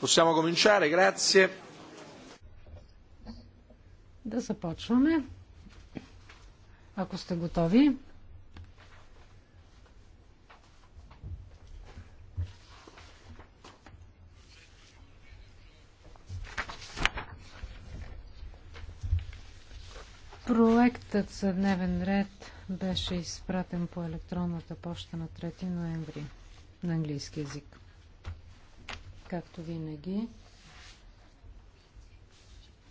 Possiamo cominciare, grazie. Да започваме. Ако сте готови. Проектът за дневен ред беше изпратен по електронната поща на 3 ноември на английски язик. Както винаги,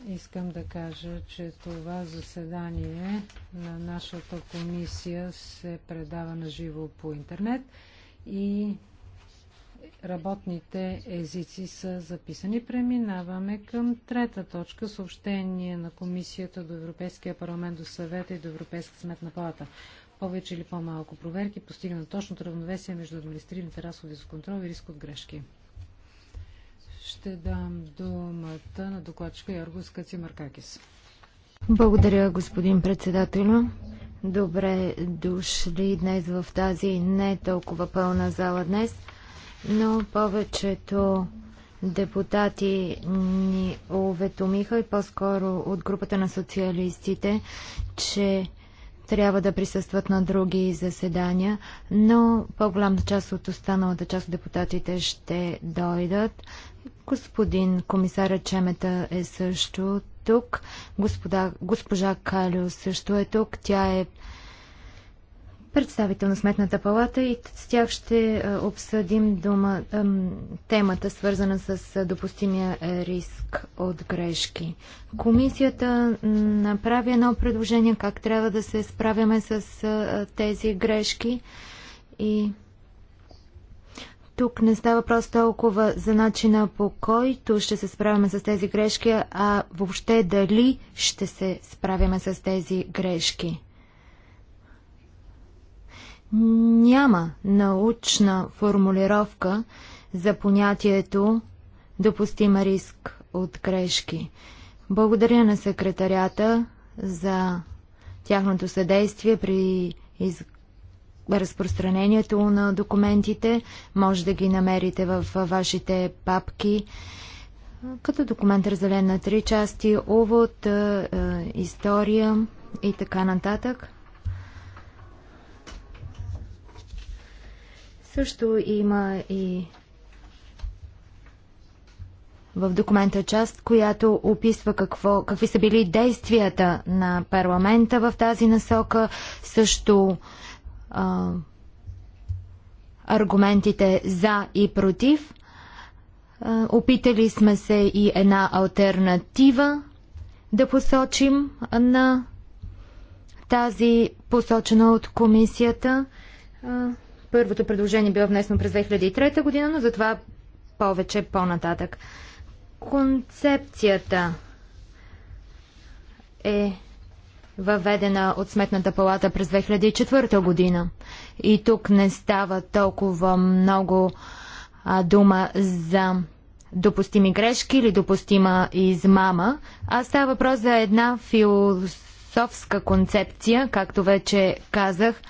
искам да кажа, че това заседание на нашата комисия се предава на живо по интернет и работните езици са записани. Преминаваме към трета точка съобщение на Комисията до Европейския парламент, до съвета и до Европейска сметна палата. Повече или по-малко проверки постигна точното равновесие между административните разходи за контрол и риск от грешки. Ще дам думата на докладчика Йоргос Кацимаркакис. Благодаря, господин председател. Добре дошли днес в тази не толкова пълна зала днес, но повечето депутати ни уветомиха и по-скоро от групата на социалистите, че трябва да присъстват на други заседания, но по-голямата част от останалата част от депутатите ще дойдат. Господин комисаря Чемета е също тук. Господа, госпожа Калио също е тук. Тя е представител на Сметната палата и с тях ще е, обсъдим дума, темата, свързана с е, допустимия риск от грешки. Комисията направи едно предложение как трябва да се справяме с е, тези грешки и тук не става просто толкова за начина по който ще се справяме с тези грешки, а въобще дали ще се справяме с тези грешки. Няма научна формулировка за понятието допустим риск от грешки. Благодаря на секретарята за тяхното съдействие при из... разпространението на документите. Може да ги намерите в вашите папки. Като документ разделен на три части, увод, е, е, история и така нататък. Също има и в документа част, която описва какво, какви са били действията на парламента в тази насока, също а, аргументите за и против. А, опитали сме се и една альтернатива да посочим на тази посочена от комисията. А, Първото предложение било внесено през 2003 година, но затова повече по-нататък. Концепцията е въведена от Сметната палата през 2004 година. И тук не става толкова много а, дума за допустими грешки или допустима измама, а става въпрос за една философска концепция, както вече казах –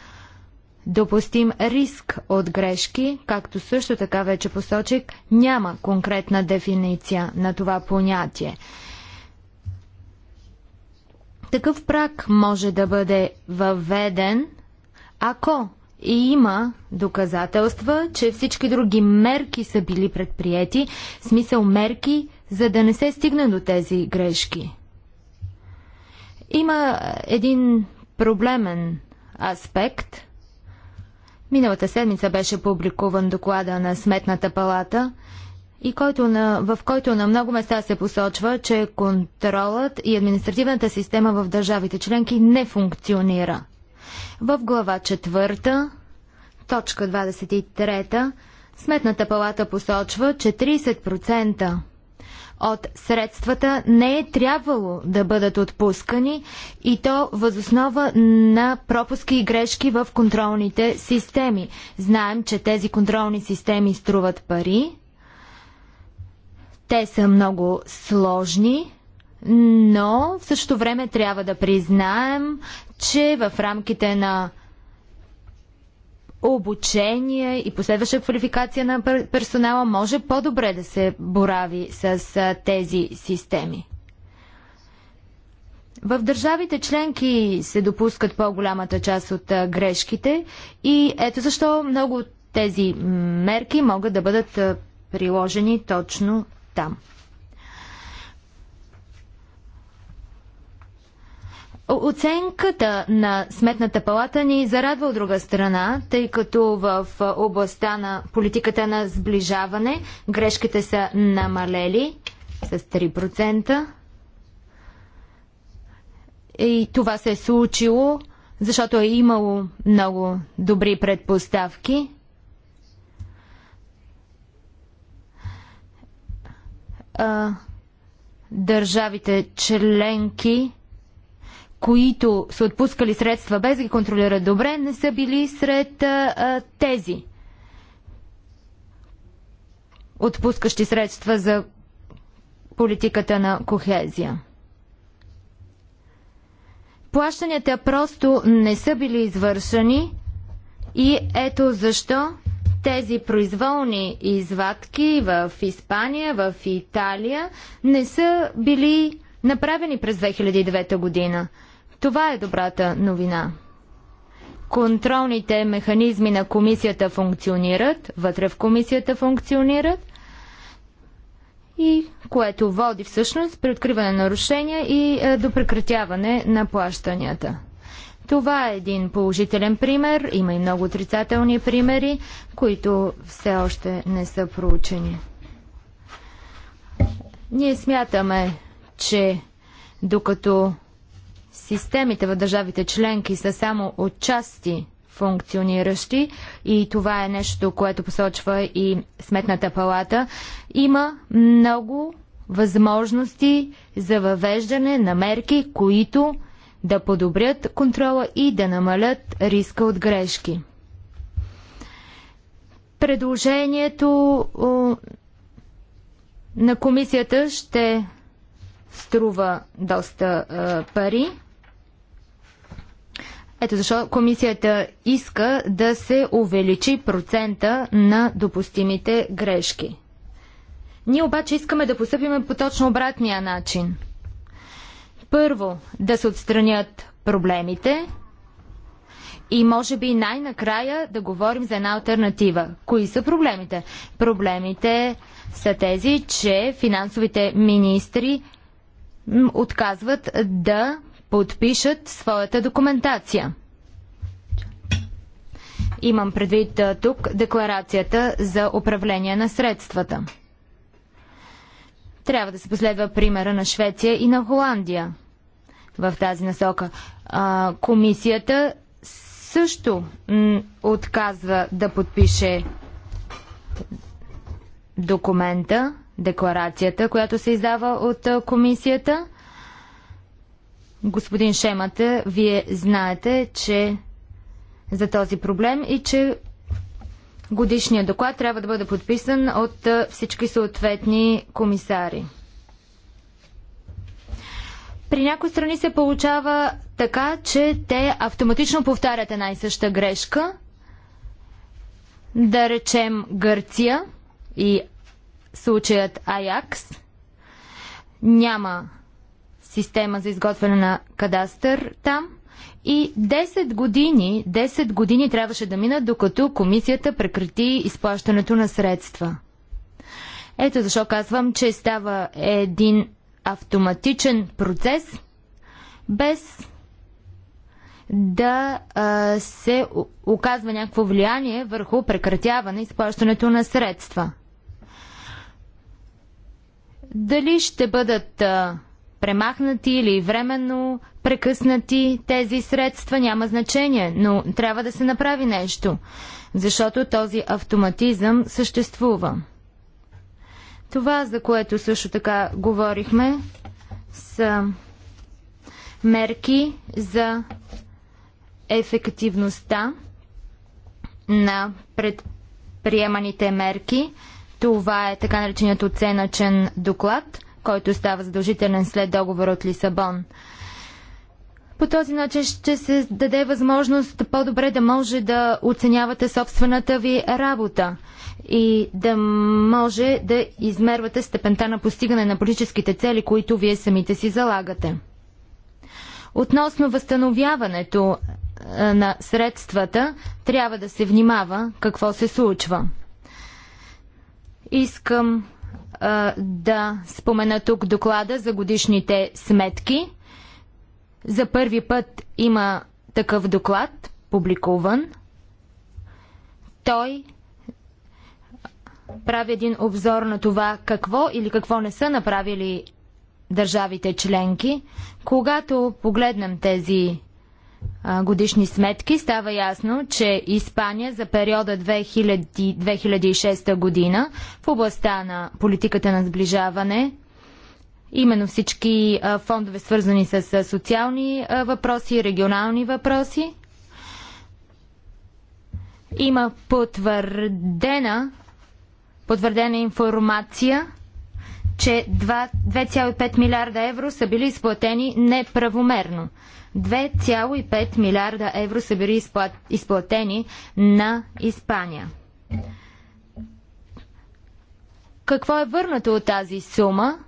допустим риск от грешки, както също така вече посочих, няма конкретна дефиниция на това понятие. Такъв прак може да бъде въведен, ако и има доказателства, че всички други мерки са били предприяти, смисъл мерки, за да не се стигне до тези грешки. Има един проблемен аспект – Миналата седмица беше публикуван доклада на Сметната палата, и който на, в който на много места се посочва, че контролът и административната система в държавите членки не функционира. В глава 4, точка 23, Сметната палата посочва, че 30% от средствата не е трябвало да бъдат отпускани и то възоснова на пропуски и грешки в контролните системи. Знаем, че тези контролни системи струват пари. Те са много сложни, но в същото време трябва да признаем, че в рамките на обучение и последваща квалификация на персонала може по-добре да се борави с тези системи. В държавите членки се допускат по-голямата част от грешките и ето защо много от тези мерки могат да бъдат приложени точно там. Оценката на Сметната палата ни зарадва от друга страна, тъй като в областта на политиката на сближаване грешките са намалели с 3%. И това се е случило, защото е имало много добри предпоставки. Държавите членки които са отпускали средства без да ги контролират добре, не са били сред а, тези отпускащи средства за политиката на кохезия. Плащанията просто не са били извършени и ето защо тези произволни извадки в Испания, в Италия не са били направени през 2009 година. Това е добрата новина. Контролните механизми на комисията функционират, вътре в комисията функционират и което води всъщност при откриване на нарушения и е, до прекратяване на плащанията. Това е един положителен пример. Има и много отрицателни примери, които все още не са проучени. Ние смятаме, че докато Системите в държавите членки са само отчасти функциониращи и това е нещо, което посочва и Сметната палата. Има много възможности за въвеждане на мерки, които да подобрят контрола и да намалят риска от грешки. Предложението на комисията ще струва доста е, пари. Ето защо комисията иска да се увеличи процента на допустимите грешки. Ние обаче искаме да постъпим по точно обратния начин. Първо, да се отстранят проблемите и може би най-накрая да говорим за една альтернатива. Кои са проблемите? Проблемите са тези, че финансовите министри отказват да подпишат своята документация. Имам предвид тук декларацията за управление на средствата. Трябва да се последва примера на Швеция и на Холандия в тази насока. А, комисията също отказва да подпише документа, декларацията, която се издава от комисията – Господин Шемата, вие знаете, че за този проблем и че годишният доклад трябва да бъде подписан от всички съответни комисари. При някои страни се получава така, че те автоматично повтарят една и съща грешка. Да речем Гърция и случаят Аякс. Няма система за изготвяне на кадастър там. И 10 години, 10 години трябваше да минат, докато комисията прекрати изплащането на средства. Ето защо казвам, че става един автоматичен процес, без да а, се оказва някакво влияние върху прекратяване изплащането на средства. Дали ще бъдат а, премахнати или временно прекъснати тези средства, няма значение, но трябва да се направи нещо, защото този автоматизъм съществува. Това, за което също така говорихме, са мерки за ефективността на предприеманите мерки. Това е така нареченият оценъчен доклад – който става задължителен след договора от Лисабон. По този начин ще се даде възможност по-добре да може да оценявате собствената ви работа и да може да измервате степента на постигане на политическите цели, които вие самите си залагате. Относно възстановяването е, на средствата, трябва да се внимава какво се случва. Искам да спомена тук доклада за годишните сметки. За първи път има такъв доклад, публикуван. Той прави един обзор на това какво или какво не са направили държавите членки. Когато погледнем тези годишни сметки става ясно, че Испания за периода 2000-2006 година в областта на политиката на сближаване именно всички фондове свързани с социални въпроси, регионални въпроси. Има потвърдена, потвърдена информация, че 2,5 милиарда евро са били изплатени неправомерно. 2,5 милиарда евро са били изплатени на Испания. Какво е върнато от тази сума?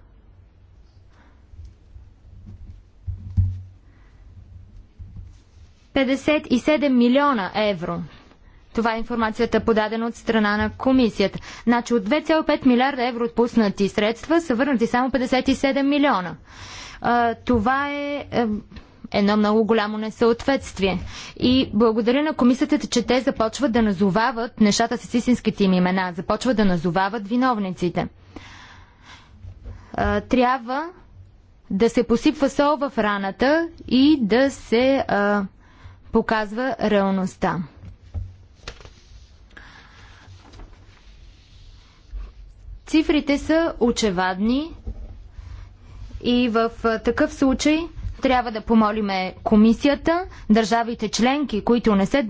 Петдесет милиона евро. Това е информацията подадена от страна на комисията. Значи от 2,5 милиарда евро отпуснати средства са върнати само 57 милиона. това е едно много голямо несъответствие. И благодаря на комисията, че те започват да назовават нещата с истинските им имена, започват да назовават виновниците. Трябва да се посипва сол в раната и да се а, показва реалността. Цифрите са очевадни и в такъв случай трябва да помолиме комисията, държавите членки, които не се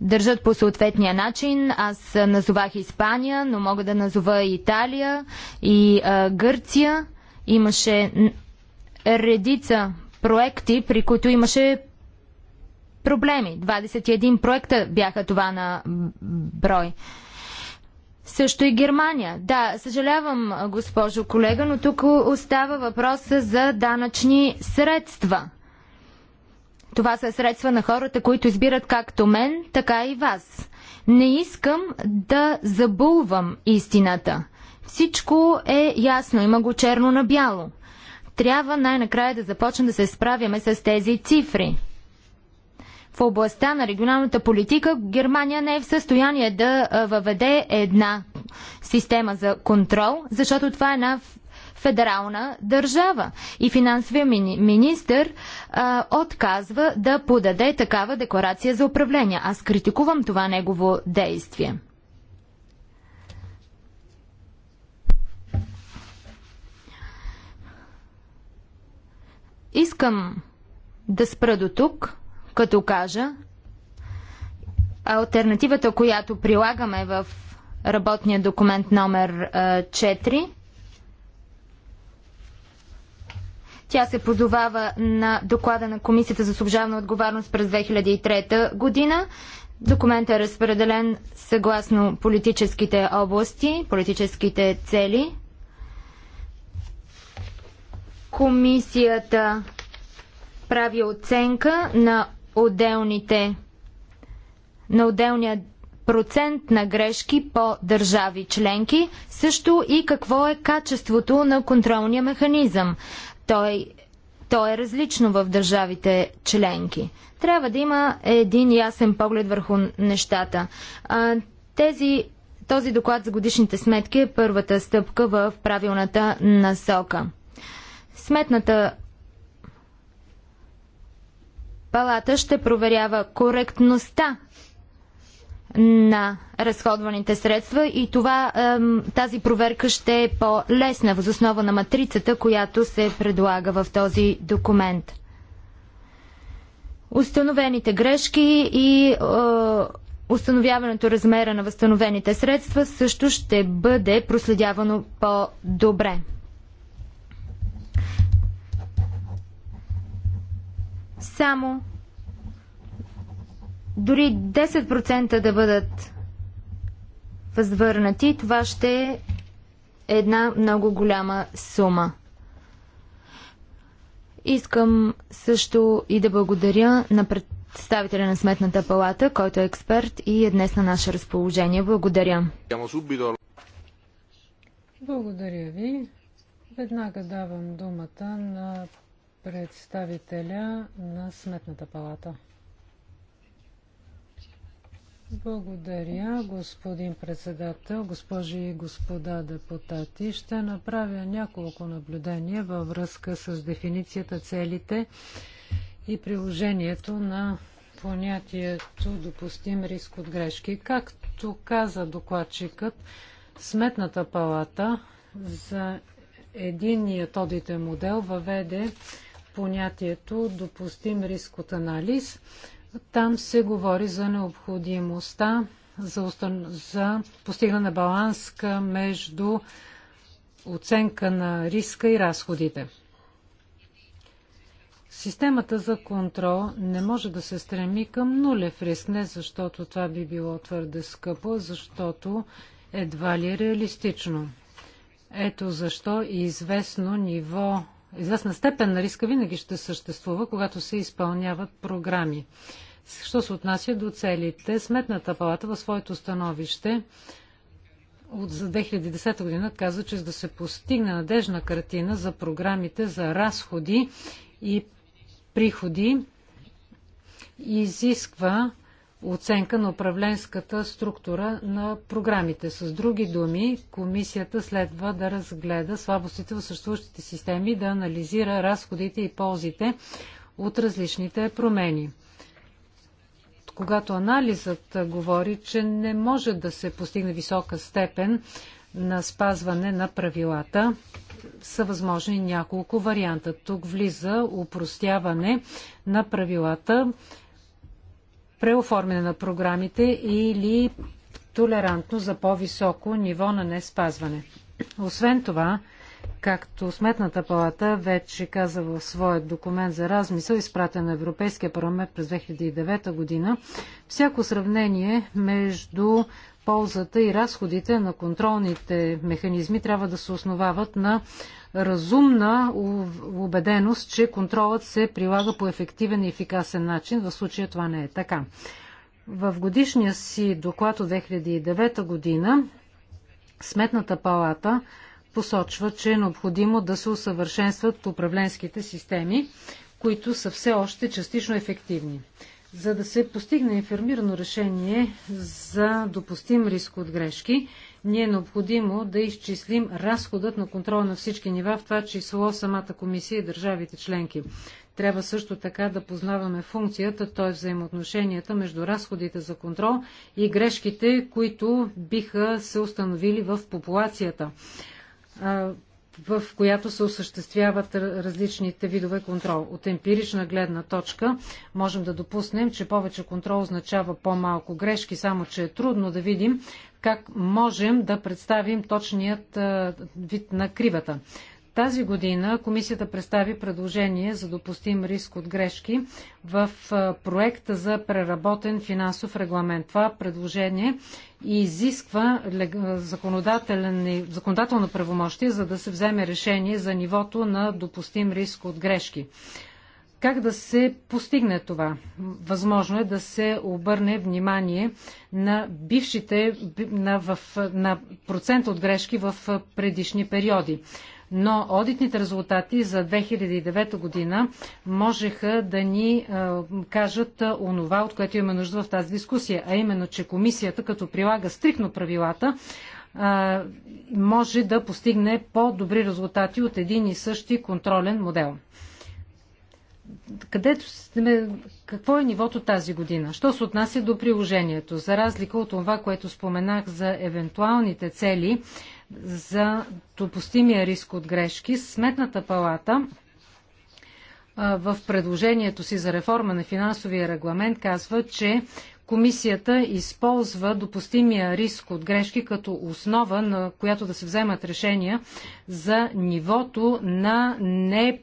държат по съответния начин. Аз назовах Испания, но мога да назова и Италия и а, Гърция. Имаше редица проекти, при които имаше проблеми. 21 проекта бяха това на брой. Също и Германия. Да, съжалявам, госпожо колега, но тук остава въпроса за данъчни средства. Това са средства на хората, които избират както мен, така и вас. Не искам да забулвам истината. Всичко е ясно, има го черно на бяло. Трябва най-накрая да започнем да се справяме с тези цифри в областта на регионалната политика Германия не е в състояние да въведе една система за контрол, защото това е една федерална държава. И финансовия мини- министр а, отказва да подаде такава декларация за управление. Аз критикувам това негово действие. Искам да спра до тук като кажа, альтернативата, която прилагаме в работния документ номер 4, Тя се подовава на доклада на Комисията за служебна отговорност през 2003 година. Документът е разпределен съгласно политическите области, политическите цели. Комисията прави оценка на отделните, на отделния процент на грешки по държави членки, също и какво е качеството на контролния механизъм. Той, той е различно в държавите членки. Трябва да има един ясен поглед върху нещата. А, тези, този доклад за годишните сметки е първата стъпка в правилната насока. Сметната Палата ще проверява коректността на разходваните средства и това, тази проверка ще е по-лесна възоснова на матрицата, която се предлага в този документ. Установените грешки и е, установяването размера на възстановените средства също ще бъде проследявано по-добре. Само дори 10% да бъдат възвърнати, това ще е една много голяма сума. Искам също и да благодаря на представителя на Сметната палата, който е експерт и е днес на наше разположение. Благодаря. Благодаря ви. Веднага давам думата на представителя на Сметната палата. Благодаря, господин председател, госпожи и господа депутати. Ще направя няколко наблюдения във връзка с дефиницията, целите и приложението на понятието допустим риск от грешки. Както каза докладчикът, Сметната палата за единият одитен модел въведе понятието допустим риск от анализ. Там се говори за необходимостта за, устан... за постигане на баланс между оценка на риска и разходите. Системата за контрол не може да се стреми към нулев риск, не защото това би било твърде скъпо, защото едва ли е реалистично. Ето защо и известно ниво известна степен на риска винаги ще съществува, когато се изпълняват програми. Що се отнася до целите, Сметната палата във своето становище от за 2010 година каза, че за да се постигне надежна картина за програмите за разходи и приходи, изисква оценка на управленската структура на програмите. С други думи, комисията следва да разгледа слабостите в съществуващите системи, да анализира разходите и ползите от различните промени. Когато анализът говори, че не може да се постигне висока степен на спазване на правилата, са възможни няколко варианта. Тук влиза упростяване на правилата, преоформяне на програмите или толерантно за по-високо ниво на неспазване. Освен това, както Сметната палата вече каза в своят документ за размисъл, изпратен на Европейския парламент през 2009 година, всяко сравнение между ползата и разходите на контролните механизми трябва да се основават на разумна убеденост, че контролът се прилага по ефективен и ефикасен начин. В случая това не е така. В годишния си доклад от 2009 година Сметната палата посочва, че е необходимо да се усъвършенстват управленските системи, които са все още частично ефективни. За да се постигне информирано решение за допустим риск от грешки, ни е необходимо да изчислим разходът на контрол на всички нива, в това число самата комисия и държавите членки. Трябва също така да познаваме функцията, т.е. взаимоотношенията между разходите за контрол и грешките, които биха се установили в популацията в която се осъществяват различните видове контрол. От емпирична гледна точка можем да допуснем, че повече контрол означава по-малко грешки, само че е трудно да видим как можем да представим точният вид на кривата. Тази година комисията представи предложение за допустим риск от грешки в проекта за преработен финансов регламент. Това предложение изисква законодателно правомощие, за да се вземе решение за нивото на допустим риск от грешки. Как да се постигне това? Възможно е да се обърне внимание на бившите, на, в, на процент от грешки в предишни периоди. Но одитните резултати за 2009 година можеха да ни е, кажат е, онова, от което имаме нужда в тази дискусия, а именно, че комисията, като прилага стрикно правилата, е, може да постигне по-добри резултати от един и същи контролен модел където сме, какво е нивото тази година? Що се отнася до приложението? За разлика от това, което споменах за евентуалните цели за допустимия риск от грешки, Сметната палата в предложението си за реформа на финансовия регламент казва, че комисията използва допустимия риск от грешки като основа, на която да се вземат решения за нивото на не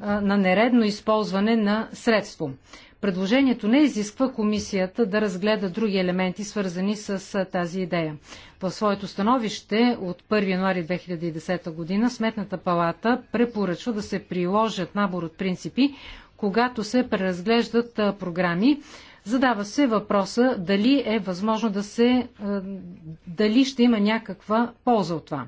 на нередно използване на средство. Предложението не изисква комисията да разгледа други елементи, свързани с тази идея. В своето становище от 1 януари 2010 година Сметната палата препоръчва да се приложат набор от принципи, когато се преразглеждат програми. Задава се въпроса дали е възможно да се. дали ще има някаква полза от това.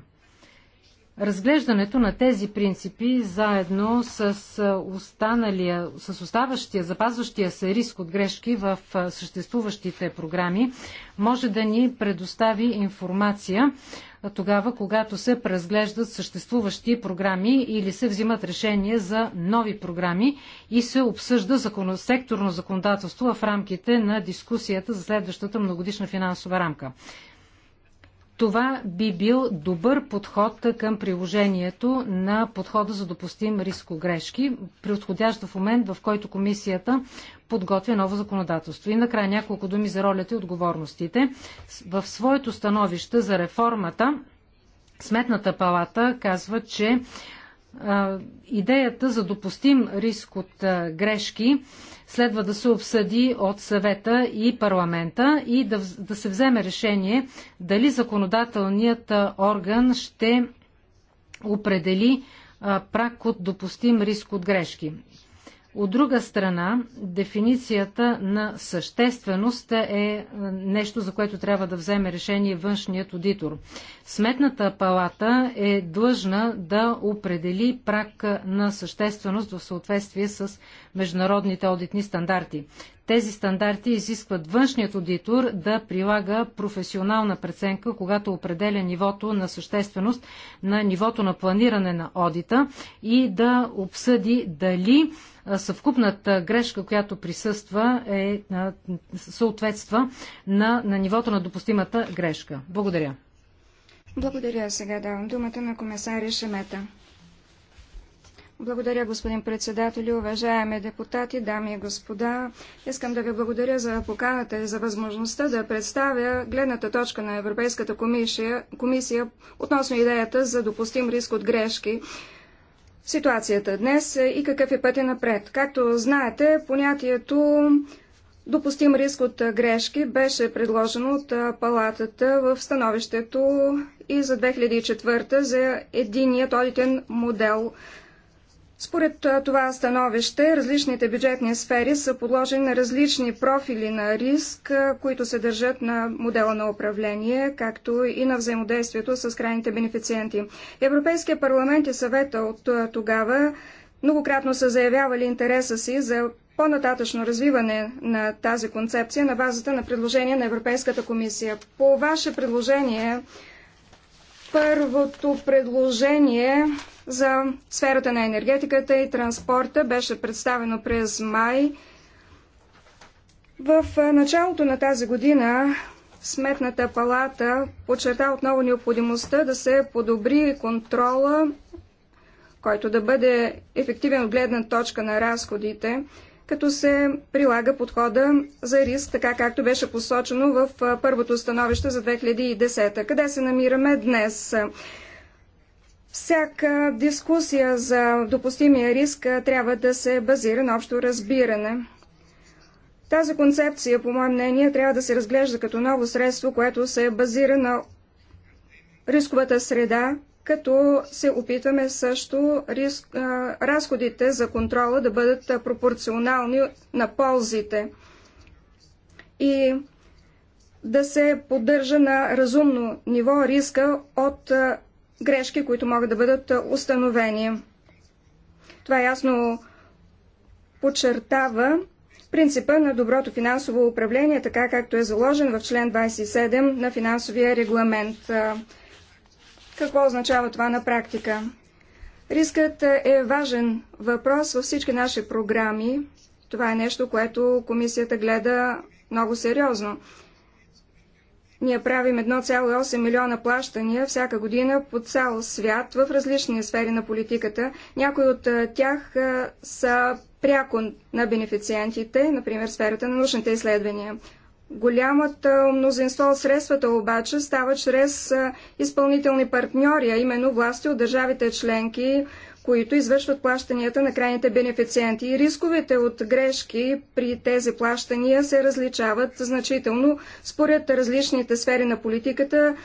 Разглеждането на тези принципи заедно с, останалия, с оставащия, запазващия се риск от грешки в съществуващите програми може да ни предостави информация тогава, когато се преразглеждат съществуващи програми или се взимат решения за нови програми и се обсъжда секторно законодателство в рамките на дискусията за следващата многодишна финансова рамка. Това би бил добър подход към приложението на подхода за допустим рискогрешки, преотходящ в момент, в който комисията подготвя ново законодателство. И накрая няколко думи за ролята и отговорностите. В своето становище за реформата Сметната палата казва, че идеята за допустим риск от грешки следва да се обсъди от съвета и парламента и да, да се вземе решение дали законодателният орган ще определи прак от допустим риск от грешки. От друга страна, дефиницията на същественост е, е нещо, за което трябва да вземе решение външният аудитор. Сметната палата е длъжна да определи прак на същественост в съответствие с международните аудитни стандарти. Тези стандарти изискват външният аудитор да прилага професионална преценка, когато определя нивото на същественост на нивото на планиране на одита и да обсъди дали съвкупната грешка, която присъства, е, съответства на, на нивото на допустимата грешка. Благодаря. Благодаря. Сега давам думата на комисаря Шемета. Благодаря, господин председател, уважаеми депутати, дами и господа. Искам да ви благодаря за поканата и за възможността да представя гледната точка на Европейската комисия, комисия относно идеята за допустим риск от грешки ситуацията днес е и какъв е пътя напред. Както знаете, понятието допустим риск от грешки беше предложено от палатата в становището и за 2004 за единият одитен модел според това становище, различните бюджетни сфери са подложени на различни профили на риск, които се държат на модела на управление, както и на взаимодействието с крайните бенефициенти. Европейския парламент и съвета от тогава многократно са заявявали интереса си за по-нататъчно развиване на тази концепция на базата на предложение на Европейската комисия. По ваше предложение, първото предложение за сферата на енергетиката и транспорта беше представено през май. В началото на тази година Сметната палата подчерта отново необходимостта да се подобри контрола, който да бъде ефективен от гледна точка на разходите, като се прилага подхода за риск, така както беше посочено в първото становище за 2010. Къде се намираме днес? Всяка дискусия за допустимия риск трябва да се базира на общо разбиране. Тази концепция, по мое мнение, трябва да се разглежда като ново средство, което се базира на рисковата среда, като се опитваме също риск, а, разходите за контрола да бъдат пропорционални на ползите и да се поддържа на разумно ниво риска от а, грешки, които могат да бъдат установени. Това ясно подчертава принципа на доброто финансово управление, така както е заложен в член 27 на финансовия регламент. Какво означава това на практика? Рискът е важен въпрос във всички наши програми. Това е нещо, което комисията гледа много сериозно. Ние правим 1,8 милиона плащания всяка година по цял свят в различни сфери на политиката. Някои от тях са пряко на бенефициентите, например сферата на научните изследвания. Голямото мнозинство от средствата обаче става чрез изпълнителни партньори, а именно власти от държавите членки, които извършват плащанията на крайните бенефициенти. И рисковете от грешки при тези плащания се различават значително според различните сфери на политиката,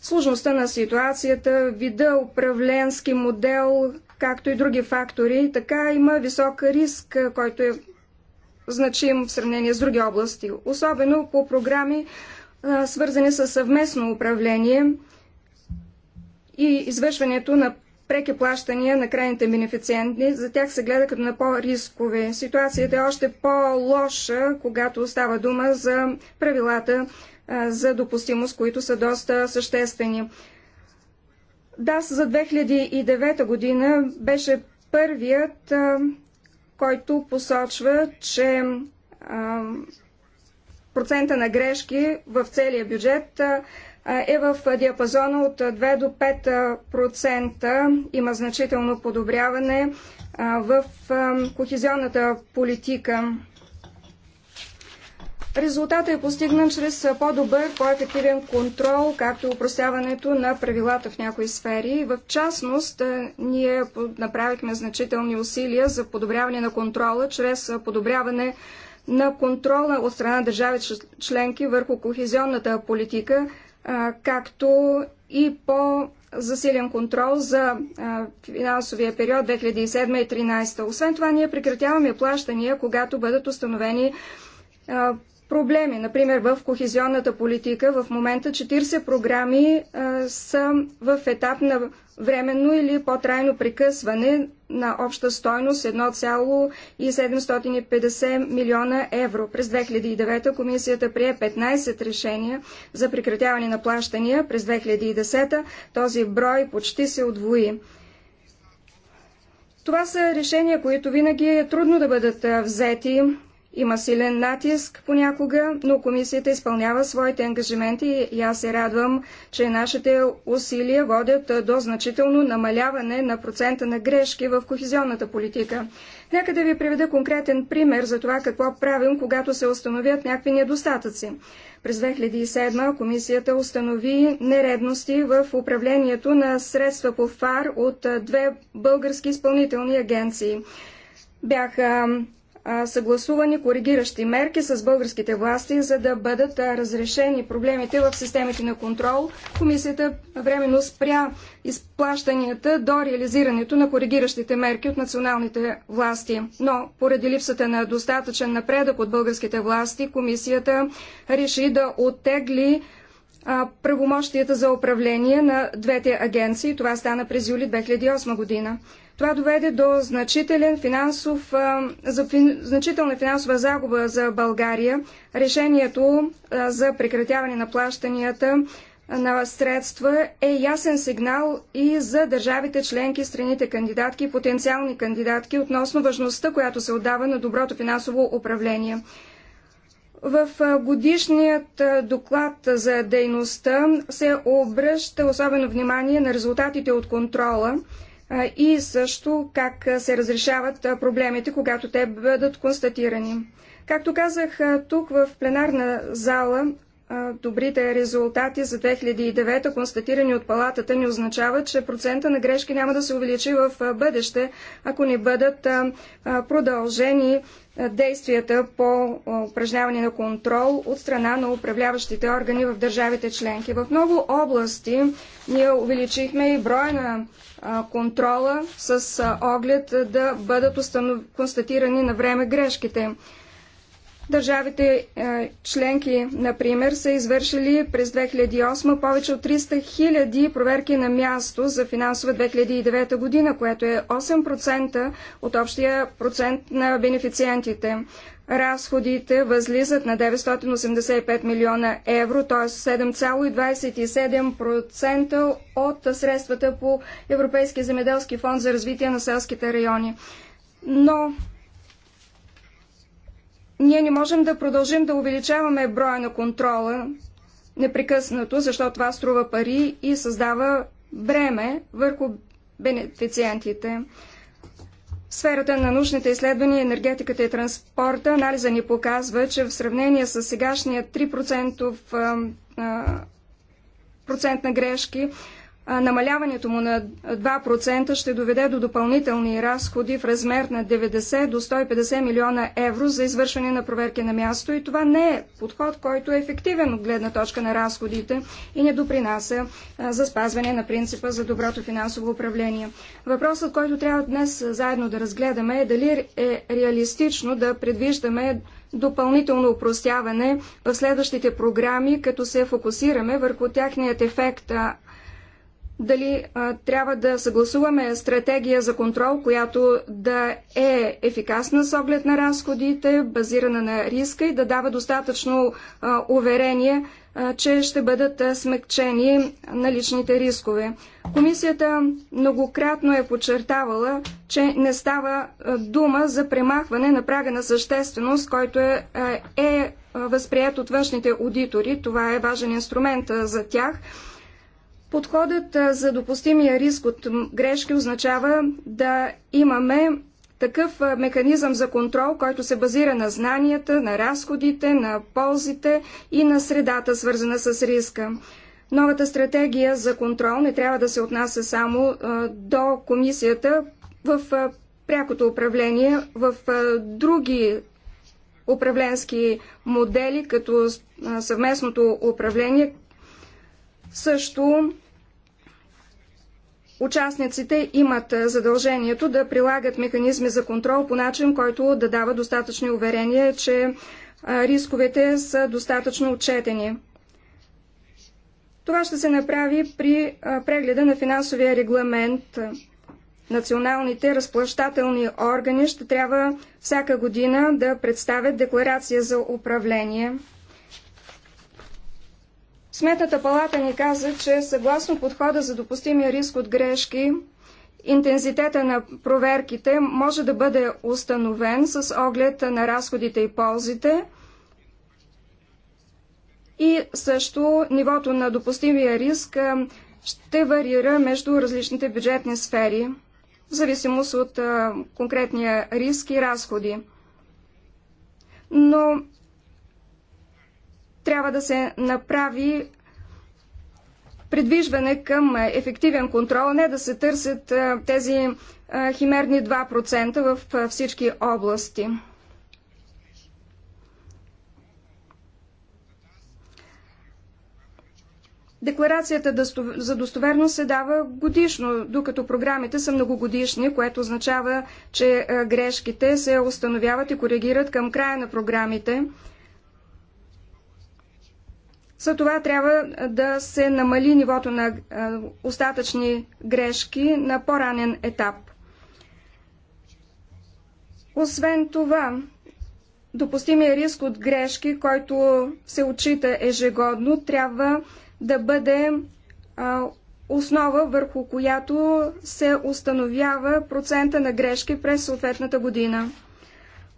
сложността на ситуацията, вида, управленски модел, както и други фактори. Така има висок риск, който е значим в сравнение с други области, особено по програми, свързани с съвместно управление и извършването на преки плащания на крайните бенефициенти, за тях се гледа като на по-рискови. Ситуацията е още по-лоша, когато става дума за правилата за допустимост, които са доста съществени. ДАС за 2009 година беше първият, който посочва, че процента на грешки в целия бюджет е в диапазона от 2 до 5%. Има значително подобряване в кохезионната политика. Резултатът е постигнат чрез по-добър, по-ефективен контрол, както упростяването на правилата в някои сфери. В частност, ние направихме значителни усилия за подобряване на контрола, чрез подобряване на контрола от страна държави членки върху кохезионната политика, както и по засилен контрол за финансовия период 2007 и 2013. Освен това, ние прекратяваме плащания, когато бъдат установени проблеми. Например, в кохезионната политика в момента 40 програми а, са в етап на временно или по-трайно прекъсване на обща стойност 1,750 милиона евро. През 2009 комисията прие 15 решения за прекратяване на плащания. През 2010 този брой почти се удвои. Това са решения, които винаги е трудно да бъдат взети има силен натиск понякога, но комисията изпълнява своите ангажименти и аз се радвам, че нашите усилия водят до значително намаляване на процента на грешки в кохезионната политика. Нека да ви приведа конкретен пример за това какво правим, когато се установят някакви недостатъци. През 2007 комисията установи нередности в управлението на средства по ФАР от две български изпълнителни агенции. Бяха съгласувани коригиращи мерки с българските власти, за да бъдат разрешени проблемите в системите на контрол. Комисията временно спря изплащанията до реализирането на коригиращите мерки от националните власти. Но поради липсата на достатъчен напредък от българските власти, комисията реши да оттегли правомощията за управление на двете агенции. Това стана през юли 2008 година. Това доведе до значителен финансов, за фин, значителна финансова загуба за България. Решението за прекратяване на плащанията на средства е ясен сигнал и за държавите членки, страните кандидатки потенциални кандидатки относно важността, която се отдава на доброто финансово управление. В годишният доклад за дейността се обръща особено внимание на резултатите от контрола и също как се разрешават проблемите, когато те бъдат констатирани. Както казах тук в пленарна зала, добрите резултати за 2009, констатирани от палатата, не означават, че процента на грешки няма да се увеличи в бъдеще, ако не бъдат продължени действията по упражняване на контрол от страна на управляващите органи в държавите членки. В много области ние увеличихме и броя на контрола с оглед да бъдат установ... констатирани на време грешките. Държавите членки, например, са извършили през 2008 повече от 300 000 проверки на място за финансова 2009 година, което е 8% от общия процент на бенефициентите. Разходите възлизат на 985 милиона евро, т.е. 7,27% от средствата по Европейския земеделски фонд за развитие на селските райони. Но ние не можем да продължим да увеличаваме броя на контрола непрекъснато, защото това струва пари и създава бреме върху бенефициентите. В сферата на научните изследвания, енергетиката и транспорта анализа ни показва, че в сравнение с сегашния 3% процент на грешки намаляването му на 2% ще доведе до допълнителни разходи в размер на 90 до 150 милиона евро за извършване на проверки на място и това не е подход, който е ефективен от гледна точка на разходите и не допринася за спазване на принципа за доброто финансово управление. Въпросът, който трябва днес заедно да разгледаме е дали е реалистично да предвиждаме допълнително упростяване в следващите програми, като се фокусираме върху тяхният ефект, дали а, трябва да съгласуваме стратегия за контрол, която да е ефикасна с оглед на разходите, базирана на риска и да дава достатъчно а, уверение, а, че ще бъдат а, смекчени наличните рискове. Комисията многократно е подчертавала, че не става а, дума за премахване на прага на същественост, който е, а, е възприят от външните аудитори. Това е важен инструмент а, за тях Подходът за допустимия риск от грешки означава да имаме такъв механизъм за контрол, който се базира на знанията, на разходите, на ползите и на средата, свързана с риска. Новата стратегия за контрол не трябва да се отнася само до комисията в прякото управление, в други управленски модели, като съвместното управление, също Участниците имат задължението да прилагат механизми за контрол по начин, който да дава достатъчни уверения, че рисковете са достатъчно отчетени. Това ще се направи при прегледа на финансовия регламент. Националните разплащателни органи ще трябва всяка година да представят декларация за управление. Сметната палата ни каза, че съгласно подхода за допустимия риск от грешки, интензитета на проверките може да бъде установен с оглед на разходите и ползите и също нивото на допустимия риск ще варира между различните бюджетни сфери, в зависимост от конкретния риск и разходи. Но трябва да се направи предвижване към ефективен контрол, не да се търсят тези химерни 2% в всички области. Декларацията за достоверност се дава годишно, докато програмите са многогодишни, което означава, че грешките се установяват и коригират към края на програмите. За това трябва да се намали нивото на остатъчни грешки на по-ранен етап. Освен това, допустимия риск от грешки, който се отчита ежегодно, трябва да бъде основа, върху която се установява процента на грешки през съответната година.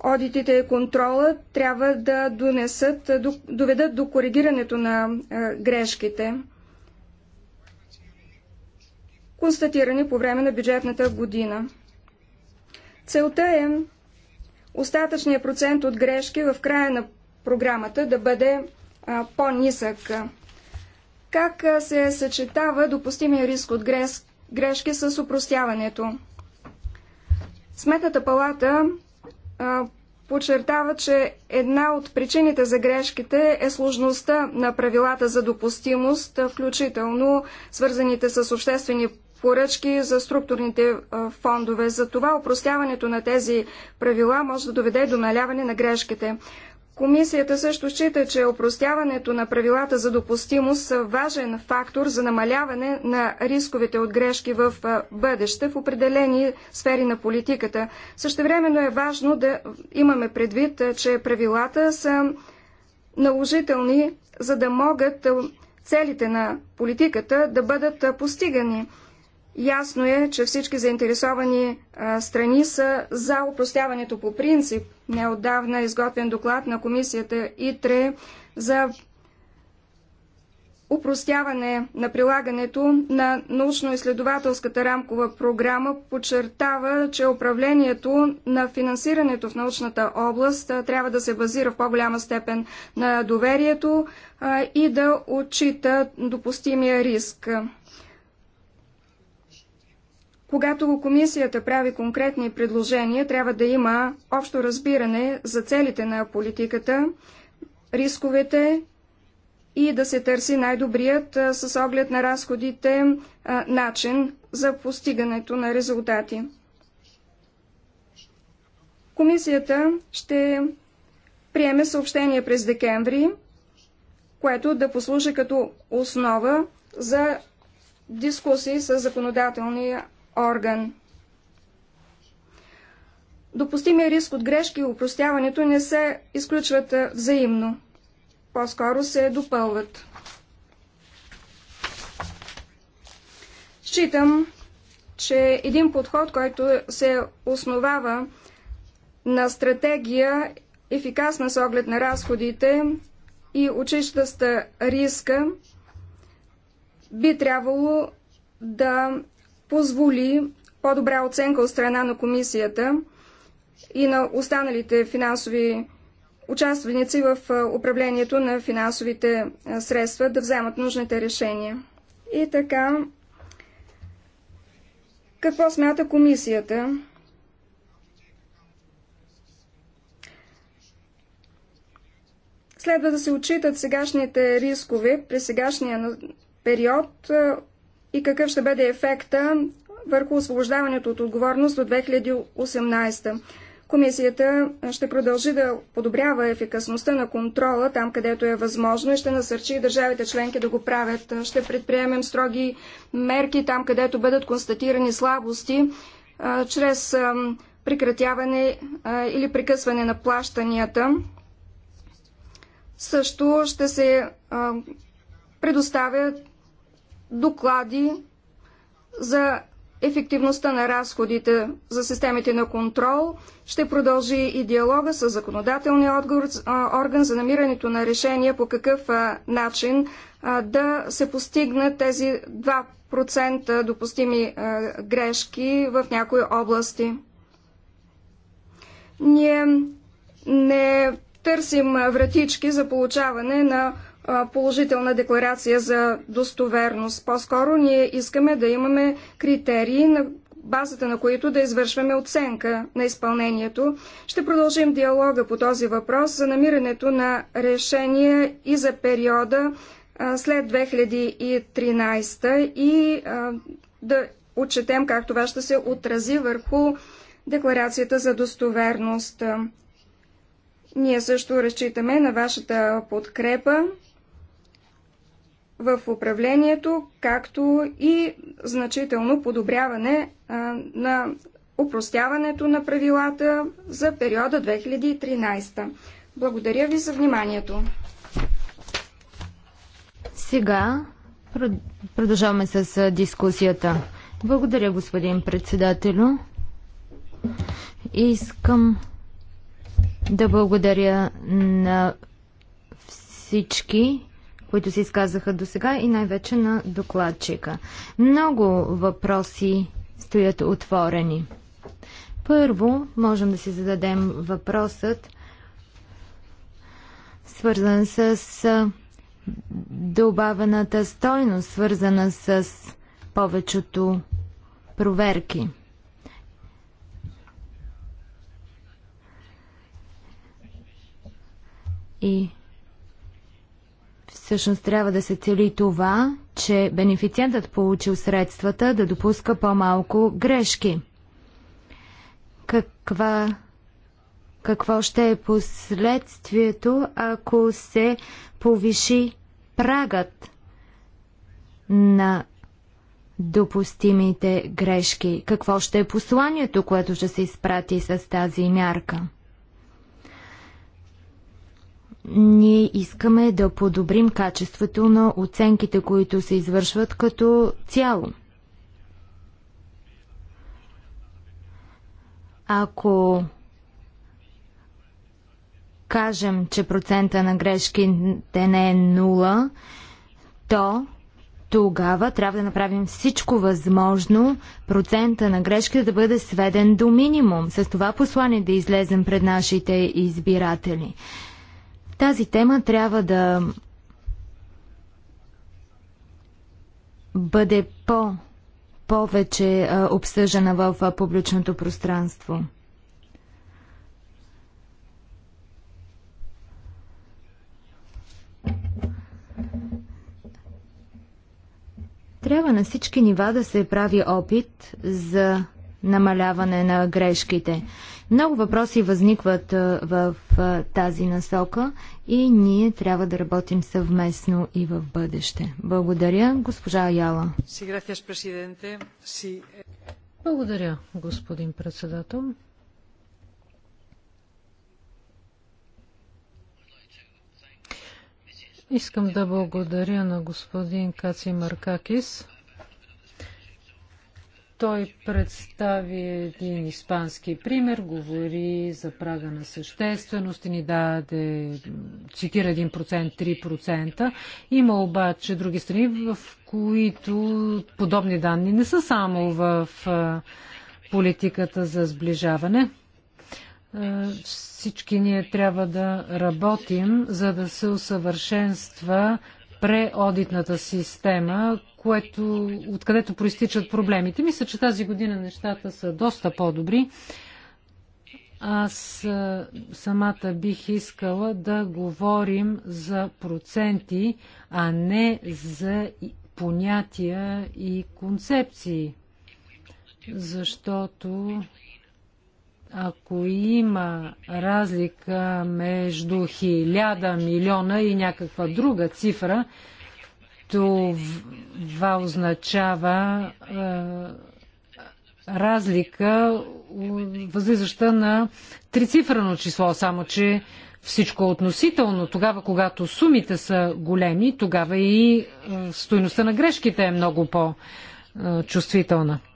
Одитите и контрола трябва да донесат, доведат до коригирането на е, грешките, констатирани по време на бюджетната година. Целта е остатъчният процент от грешки в края на програмата да бъде е, по-нисък. Как е, се съчетава допустимия риск от грешки с упростяването? Сметната палата подчертава, че една от причините за грешките е сложността на правилата за допустимост, включително свързаните с обществени поръчки за структурните фондове. За това упростяването на тези правила може да доведе до наляване на грешките. Комисията също счита, че опростяването на правилата за допустимост са важен фактор за намаляване на рисковете от грешки в бъдеще в определени сфери на политиката. Същевременно е важно да имаме предвид, че правилата са наложителни, за да могат целите на политиката да бъдат постигани. Ясно е, че всички заинтересовани а, страни са за упростяването по принцип. неотдавна е изготвен доклад на комисията ИТРЕ за упростяване на прилагането на научно-изследователската рамкова програма подчертава, че управлението на финансирането в научната област трябва да се базира в по-голяма степен на доверието а, и да отчита допустимия риск. Когато комисията прави конкретни предложения, трябва да има общо разбиране за целите на политиката, рисковете и да се търси най-добрият с оглед на разходите начин за постигането на резултати. Комисията ще приеме съобщение през декември, което да послужи като основа за дискусии с законодателния орган. Допустимия риск от грешки и упростяването не се изключват взаимно. По-скоро се допълват. Считам, че един подход, който се основава на стратегия, ефикасна с оглед на разходите и очищаща риска, би трябвало да позволи по-добра оценка от страна на комисията и на останалите финансови учаственици в управлението на финансовите средства да вземат нужните решения. И така, какво смята комисията? Следва да се отчитат сегашните рискове при сегашния период и какъв ще бъде ефекта върху освобождаването от отговорност до 2018. Комисията ще продължи да подобрява ефикасността на контрола там, където е възможно и ще насърчи държавите членки да го правят. Ще предприемем строги мерки там, където бъдат констатирани слабости а, чрез а, прекратяване а, или прекъсване на плащанията. Също ще се предоставят доклади за ефективността на разходите за системите на контрол. Ще продължи и диалога с законодателния орган за намирането на решения по какъв начин да се постигнат тези 2% допустими грешки в някои области. Ние не търсим вратички за получаване на положителна декларация за достоверност. По-скоро ние искаме да имаме критерии, на базата на които да извършваме оценка на изпълнението. Ще продължим диалога по този въпрос за намирането на решение и за периода след 2013 и да отчетем как това ще се отрази върху декларацията за достоверност. Ние също разчитаме на вашата подкрепа в управлението, както и значително подобряване на упростяването на правилата за периода 2013. Благодаря ви за вниманието. Сега продължаваме с дискусията. Благодаря, господин председателю. Искам да благодаря на всички които се изказаха до сега и най-вече на докладчика. Много въпроси стоят отворени. Първо, можем да си зададем въпросът, свързан с добавената стойност, свързана с повечето проверки. И Всъщност трябва да се цели това, че бенефициентът получил средствата да допуска по-малко грешки. Каква, какво ще е последствието, ако се повиши прагът на допустимите грешки? Какво ще е посланието, което ще се изпрати с тази мярка? Ние искаме да подобрим качеството на оценките, които се извършват като цяло. Ако кажем, че процента на грешките не е нула, то тогава трябва да направим всичко възможно процента на грешките да бъде сведен до минимум. С това послание да излезем пред нашите избиратели. Тази тема трябва да бъде по повече обсъжена в публичното пространство. Трябва на всички нива да се прави опит за намаляване на грешките. Много въпроси възникват в тази насока и ние трябва да работим съвместно и в бъдеще. Благодаря, госпожа Яла. Eh, благодаря, господин председател. Искам да благодаря на господин Каци Маркакис той представи един испански пример, говори за прага на същественост и ни даде, цитира 1%, 3%. Има обаче други страни, в които подобни данни не са само в политиката за сближаване. Всички ние трябва да работим, за да се усъвършенства преодитната система, което, откъдето проистичат проблемите. Мисля, че тази година нещата са доста по-добри. Аз самата бих искала да говорим за проценти, а не за понятия и концепции, защото ако има разлика между хиляда милиона и някаква друга цифра, това означава е, разлика, възлизаща на трицифрено число, само че всичко е относително. Тогава, когато сумите са големи, тогава и е, стоеността на грешките е много по-чувствителна. Е,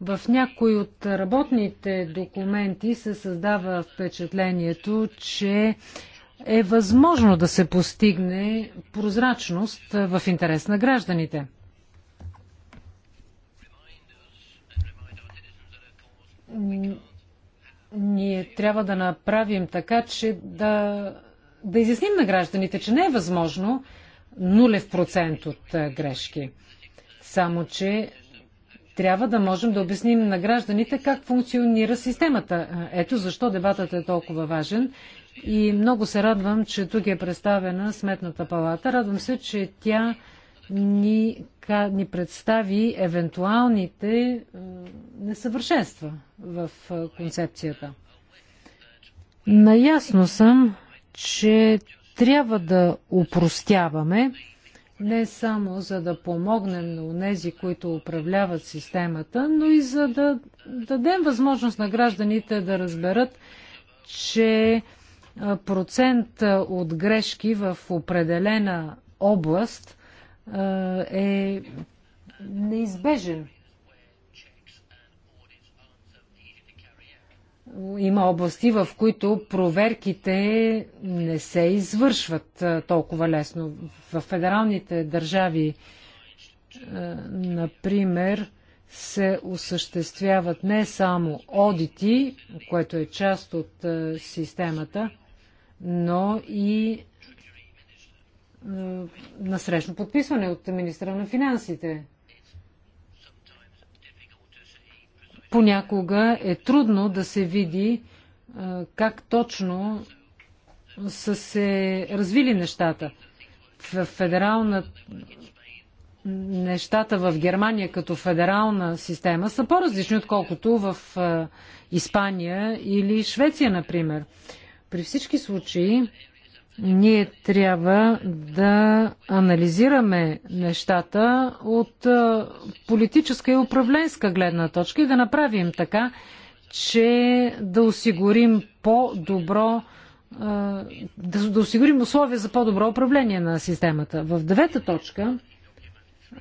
в някои от работните документи се създава впечатлението, че е възможно да се постигне прозрачност в интерес на гражданите. Ние трябва да направим така, че да, да изясним на гражданите, че не е възможно нулев процент от грешки. Само, че трябва да можем да обясним на гражданите как функционира системата. Ето защо дебатът е толкова важен и много се радвам, че тук е представена Сметната палата. Радвам се, че тя ни, ка, ни представи евентуалните несъвършенства в концепцията. Наясно съм, че трябва да упростяваме, не само за да помогнем на тези, които управляват системата, но и за да дадем възможност на гражданите да разберат, че процент от грешки в определена област е неизбежен. Има области, в които проверките не се извършват толкова лесно. В федералните държави, например, се осъществяват не само одити, което е част от системата, но и насрещно подписване от министра на финансите. понякога е трудно да се види как точно са се развили нещата. В федерална... Нещата в Германия като федерална система са по-различни, отколкото в Испания или Швеция, например. При всички случаи ние трябва да анализираме нещата от политическа и управленска гледна точка и да направим така, че да осигурим по-добро да, да осигурим условия за по-добро управление на системата. В девета точка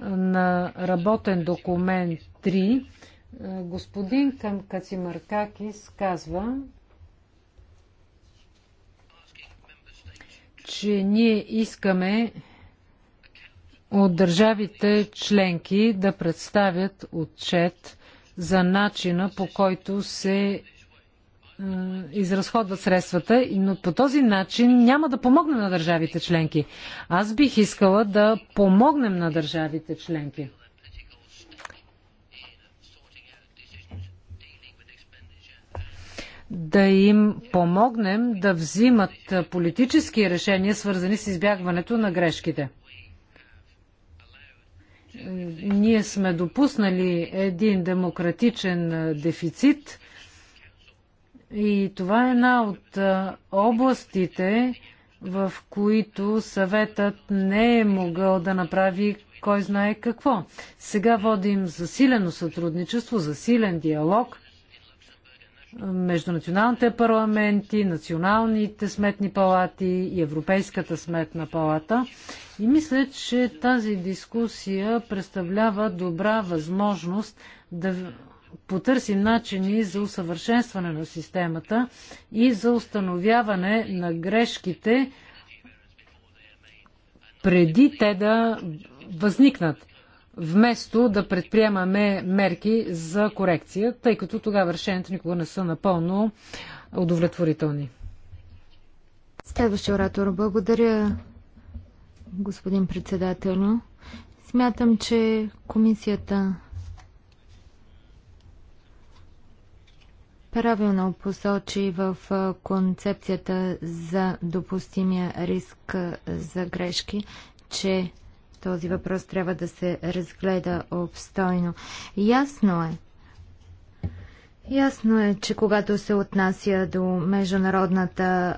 на работен документ 3 господин Кацимаркакис казва, че ние искаме от държавите членки да представят отчет за начина по който се е, изразходват средствата, но по този начин няма да помогнем на държавите членки. Аз бих искала да помогнем на държавите членки. да им помогнем да взимат политически решения, свързани с избягването на грешките. Ние сме допуснали един демократичен дефицит и това е една от областите, в които съветът не е могъл да направи кой знае какво. Сега водим засилено сътрудничество, засилен диалог – между националните парламенти, националните сметни палати и Европейската сметна палата. И мисля, че тази дискусия представлява добра възможност да потърсим начини за усъвършенстване на системата и за установяване на грешките преди те да възникнат вместо да предприемаме мерки за корекция, тъй като тогава решенията никога не са напълно удовлетворителни. Следващия оратор. Благодаря, господин председател. Смятам, че комисията правилно посочи в концепцията за допустимия риск за грешки, че този въпрос трябва да се разгледа обстойно. Ясно е, Ясно е, че когато се отнася до международната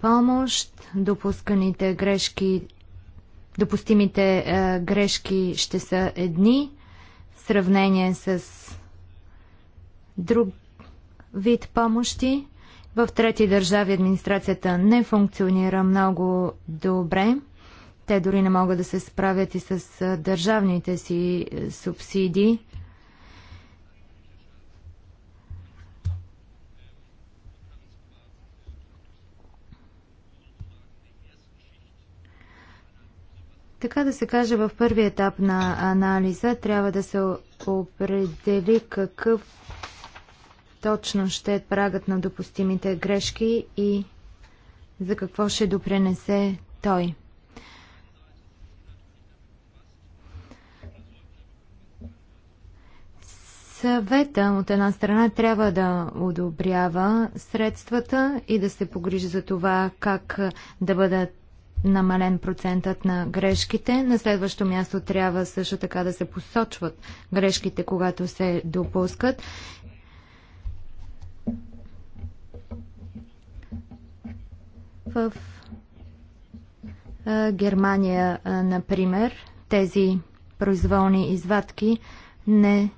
помощ, допусканите грешки, допустимите грешки ще са едни в сравнение с друг вид помощи. В трети държави администрацията не функционира много добре. Те дори не могат да се справят и с държавните си е, субсидии. Така да се каже, в първи етап на анализа трябва да се определи какъв точно ще е прагът на допустимите грешки и за какво ще допренесе той. Съвета от една страна трябва да одобрява средствата и да се погрижи за това как да бъдат намален процентът на грешките. На следващо място трябва също така да се посочват грешките, когато се допускат. В Германия, например, тези произволни извадки не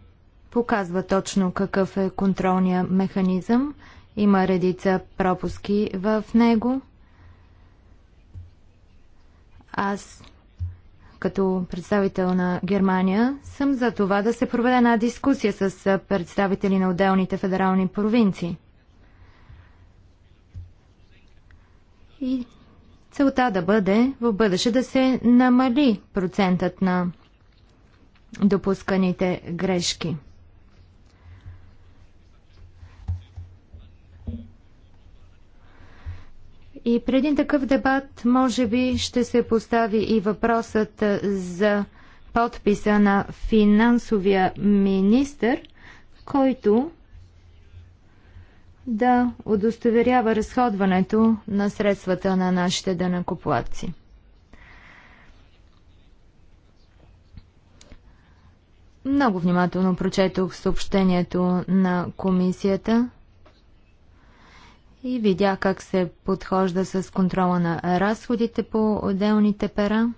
показва точно какъв е контролния механизъм. Има редица пропуски в него. Аз като представител на Германия съм за това да се проведе една дискусия с представители на отделните федерални провинции. И целта да бъде в бъдеще да се намали процентът на допусканите грешки. И преди такъв дебат, може би, ще се постави и въпросът за подписа на финансовия министр, който да удостоверява разходването на средствата на нашите данакоплатци. Много внимателно прочетох съобщението на комисията – и видя как се подхожда с контрола на разходите по отделните пера.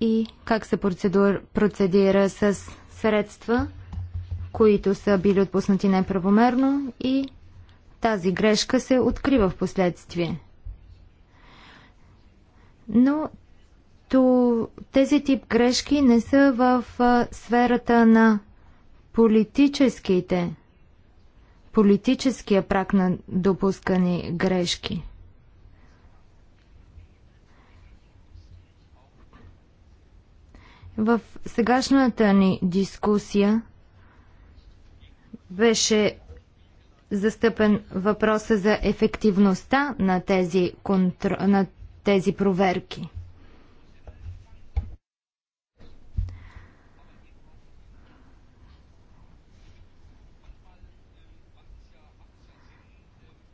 И как се процедур, процедира с средства, които са били отпуснати неправомерно и тази грешка се открива в последствие. Но то, тези тип грешки не са в а, сферата на политическите, политическия прак на допускани грешки. В сегашната ни дискусия беше застъпен въпроса за ефективността на тези, контр... на тези проверки.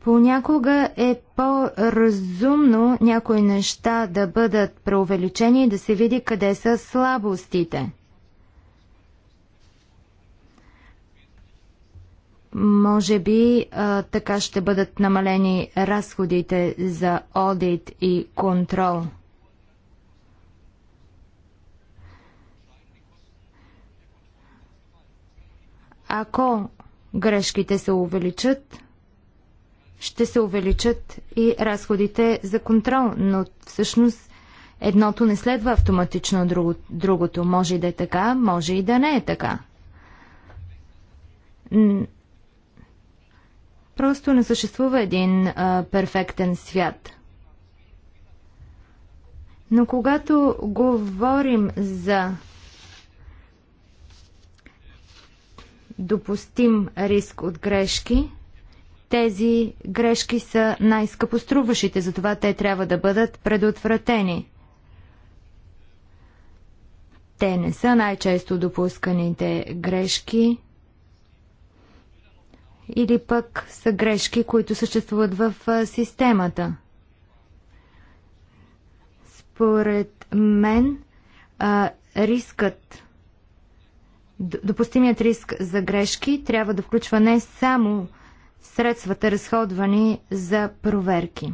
Понякога е по-разумно някои неща да бъдат преувеличени и да се види къде са слабостите. Може би а, така ще бъдат намалени разходите за одит и контрол. Ако грешките се увеличат, ще се увеличат и разходите за контрол, но всъщност едното не следва автоматично друго, другото. Може и да е така, може и да не е така. Просто не съществува един а, перфектен свят. Но когато говорим за допустим риск от грешки, тези грешки са най-скъпоструващите, затова те трябва да бъдат предотвратени. Те не са най-често допусканите грешки или пък са грешки, които съществуват в системата. Според мен, рискът, допустимият риск за грешки трябва да включва не само средствата разходвани за проверки.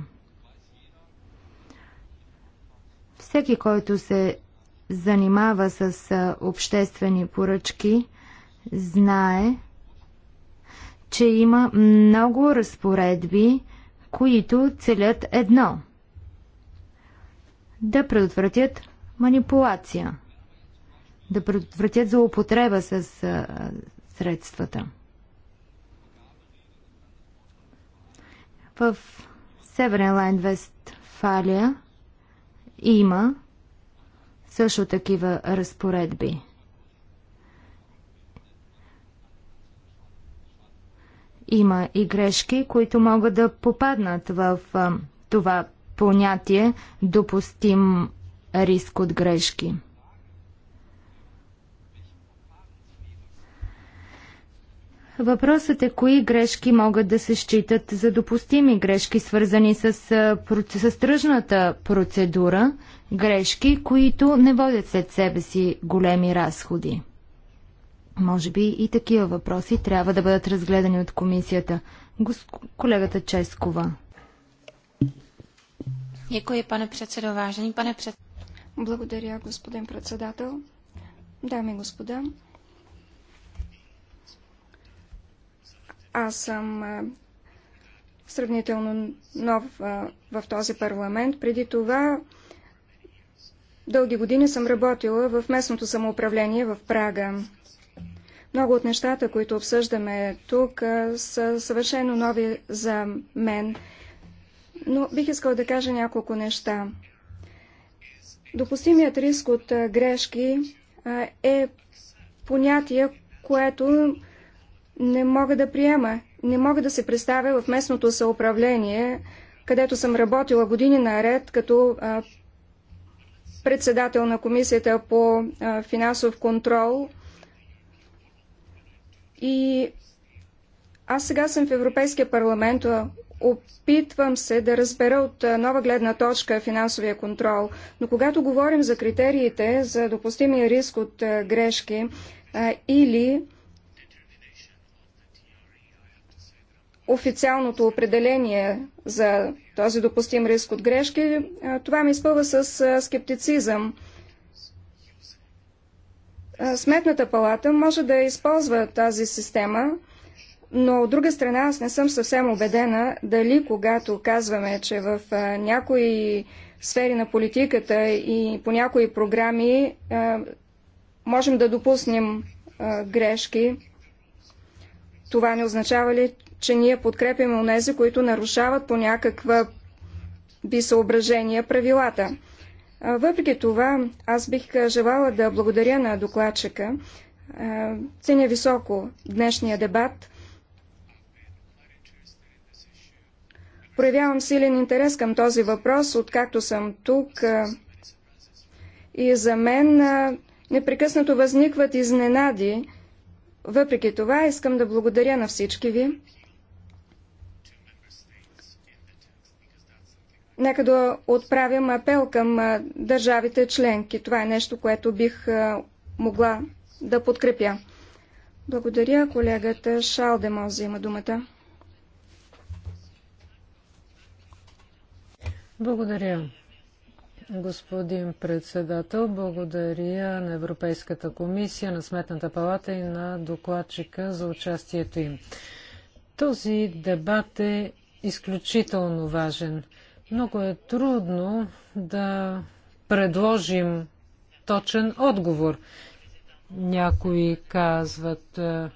Всеки, който се занимава с обществени поръчки, знае, че има много разпоредби, които целят едно да предотвратят манипулация, да предотвратят злоупотреба с средствата. В Северен Лайн Фалия има също такива разпоредби. Има и грешки, които могат да попаднат в това понятие допустим риск от грешки. Въпросът е кои грешки могат да се считат за допустими грешки, свързани с, с тръжната процедура, грешки, които не водят след себе си големи разходи. Може би и такива въпроси трябва да бъдат разгледани от комисията. Гос... Колегата Ческова. Děkuji, pane předsedo, vážený pane Благодаря, господин председател. Дами и господа, Аз съм сравнително нов в този парламент. Преди това дълги години съм работила в местното самоуправление в Прага. Много от нещата, които обсъждаме тук, са съвършено нови за мен, но бих искала да кажа няколко неща. Допустимият риск от грешки е понятие, което не мога да приема. Не мога да се представя в местното съуправление, където съм работила години наред като а, председател на комисията по а, финансов контрол. И аз сега съм в Европейския парламент, опитвам се да разбера от нова гледна точка финансовия контрол, но когато говорим за критериите за допустимия риск от грешки а, или официалното определение за този допустим риск от грешки, това ме изпълва с скептицизъм. Сметната палата може да използва тази система, но от друга страна аз не съм съвсем убедена дали когато казваме, че в някои сфери на политиката и по някои програми можем да допуснем грешки, това не означава ли, че ние подкрепяме онези, които нарушават по някаква би правилата. Въпреки това, аз бих желала да благодаря на докладчика. Ценя високо днешния дебат. Проявявам силен интерес към този въпрос, откакто съм тук. И за мен непрекъснато възникват изненади. Въпреки това, искам да благодаря на всички ви. Нека да отправим апел към държавите членки. Това е нещо, което бих могла да подкрепя. Благодаря. Колегата за има думата. Благодаря. Господин председател, благодаря на Европейската комисия, на Сметната палата и на докладчика за участието им. Този дебат е изключително важен – много е трудно да предложим точен отговор. Някои казват, е,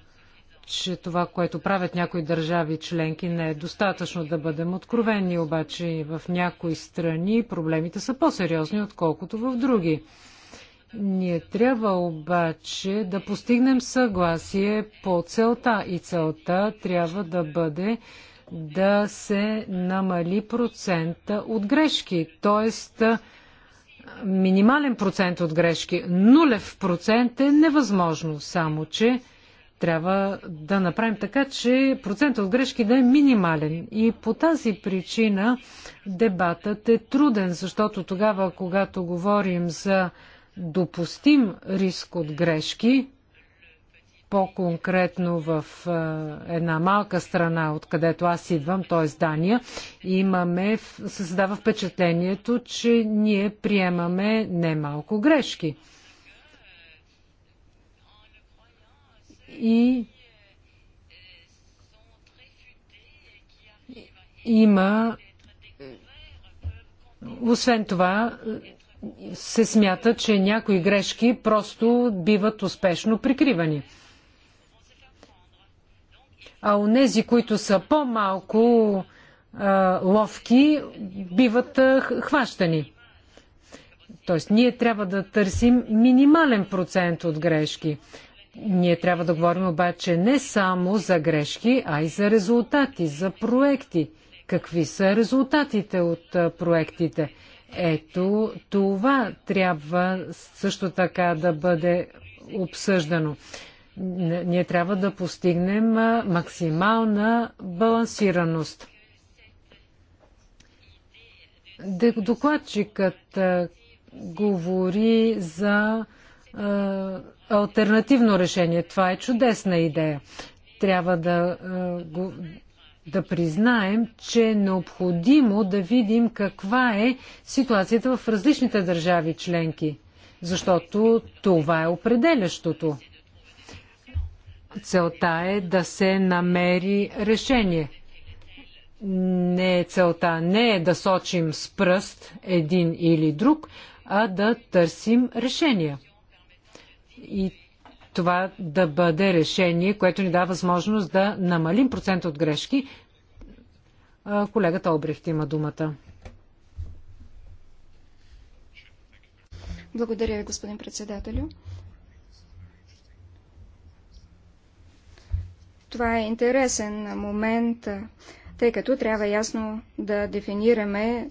че това, което правят някои държави членки, не е достатъчно да бъдем откровени, обаче в някои страни проблемите са по-сериозни, отколкото в други. Ние трябва обаче да постигнем съгласие по целта и целта трябва да бъде да се намали процента от грешки, т.е. минимален процент от грешки. Нулев процент е невъзможно, само че трябва да направим така, че процентът от грешки да е минимален. И по тази причина дебатът е труден, защото тогава, когато говорим за допустим риск от грешки, по-конкретно в една малка страна, откъдето аз идвам, т.е. Дания, имаме, създава впечатлението, че ние приемаме немалко грешки. И има освен това, се смята, че някои грешки просто биват успешно прикривани а онези, които са по-малко ловки, биват а, хващани. Тоест, ние трябва да търсим минимален процент от грешки. Ние трябва да говорим обаче не само за грешки, а и за резултати, за проекти. Какви са резултатите от проектите? Ето, това трябва също така да бъде обсъждано ние трябва да постигнем максимална балансираност. Докладчикът говори за альтернативно решение. Това е чудесна идея. Трябва да, да признаем, че е необходимо да видим каква е ситуацията в различните държави членки, защото това е определящото. Целта е да се намери решение. Не е целта не е да сочим с пръст един или друг, а да търсим решения. И това да бъде решение, което ни дава възможност да намалим процент от грешки. Колегата Обрехт има думата. Благодаря ви, господин председателю. Това е интересен момент, тъй като трябва ясно да дефинираме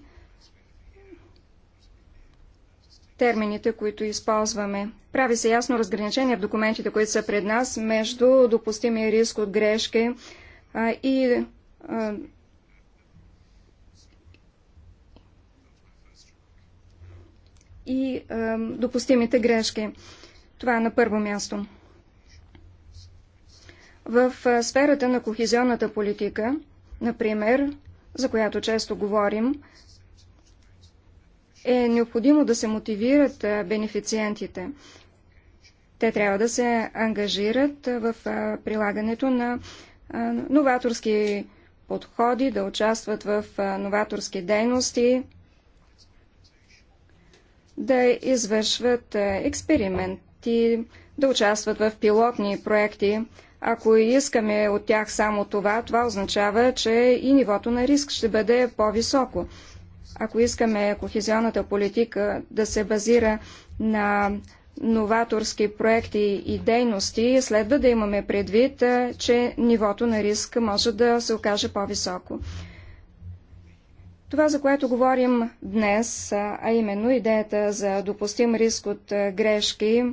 термините, които използваме. Прави се ясно разграничение в документите, които са пред нас, между допустимия риск от грешки а, и а, и а, допустимите грешки. Това е на първо място. В сферата на кохезионната политика, например, за която често говорим, е необходимо да се мотивират бенефициентите. Те трябва да се ангажират в прилагането на новаторски подходи, да участват в новаторски дейности, да извършват експерименти, да участват в пилотни проекти. Ако искаме от тях само това, това означава, че и нивото на риск ще бъде по-високо. Ако искаме кохезионната политика да се базира на новаторски проекти и дейности, следва да имаме предвид, че нивото на риск може да се окаже по-високо. Това, за което говорим днес, а именно идеята за допустим риск от грешки,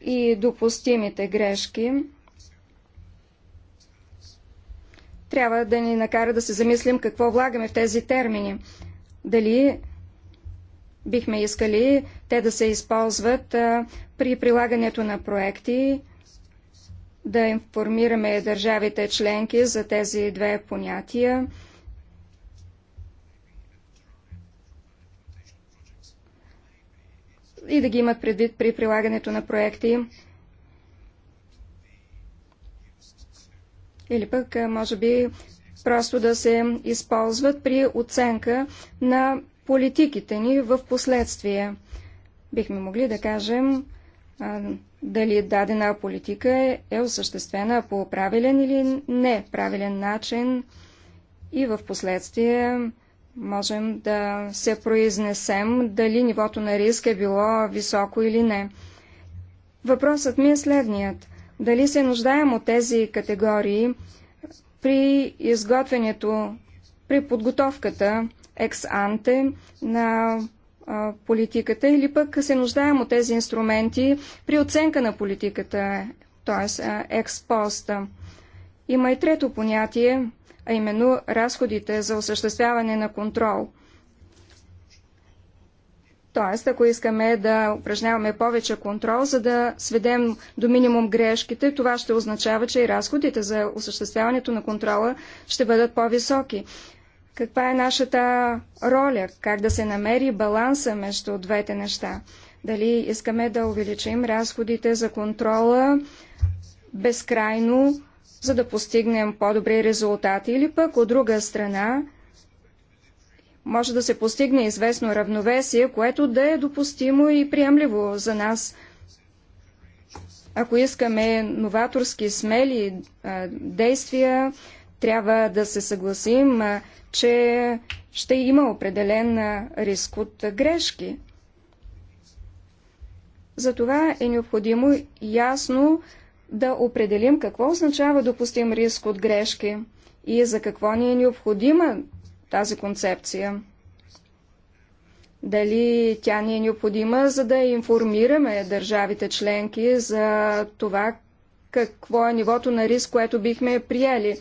и допустимите грешки трябва да ни накара да се замислим какво влагаме в тези термини. Дали бихме искали те да се използват а, при прилагането на проекти, да информираме държавите членки за тези две понятия, и да ги имат предвид при прилагането на проекти. Или пък, може би, просто да се използват при оценка на политиките ни в последствие. Бихме могли да кажем дали дадена политика е, е осъществена по правилен или неправилен начин и в последствие можем да се произнесем дали нивото на риск е било високо или не. Въпросът ми е следният. Дали се нуждаем от тези категории при изготвянето, при подготовката екс-анте на политиката или пък се нуждаем от тези инструменти при оценка на политиката, т.е. експоста. Има и трето понятие а именно разходите за осъществяване на контрол. Тоест, ако искаме да упражняваме повече контрол, за да сведем до минимум грешките, това ще означава, че и разходите за осъществяването на контрола ще бъдат по-високи. Каква е нашата роля? Как да се намери баланса между двете неща? Дали искаме да увеличим разходите за контрола безкрайно, за да постигнем по-добри резултати. Или пък от друга страна може да се постигне известно равновесие, което да е допустимо и приемливо за нас. Ако искаме новаторски, смели а, действия, трябва да се съгласим, а, че ще има определен а, риск от грешки. Затова е необходимо ясно да определим какво означава допустим риск от грешки и за какво ни е необходима тази концепция. Дали тя ни е необходима, за да информираме държавите членки за това какво е нивото на риск, което бихме приели.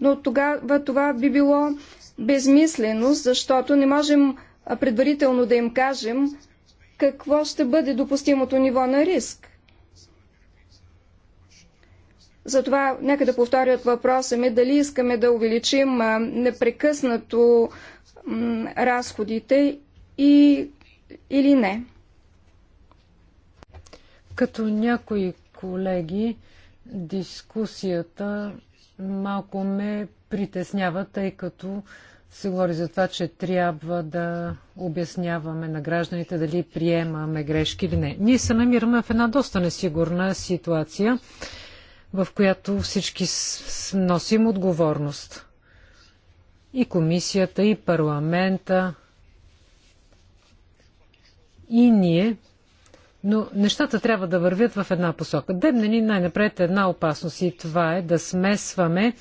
Но тогава това би било безмислено, защото не можем предварително да им кажем какво ще бъде допустимото ниво на риск. Затова нека да повторят въпроса ми дали искаме да увеличим непрекъснато разходите и, или не. Като някои колеги, дискусията малко ме притеснява, тъй като се говори за това, че трябва да обясняваме на гражданите дали приемаме грешки или не. Ние се намираме в една доста несигурна ситуация в която всички носим отговорност. И комисията, и парламента, и ние. Но нещата трябва да вървят в една посока. Дебне ни най-напред е една опасност и това е да смесваме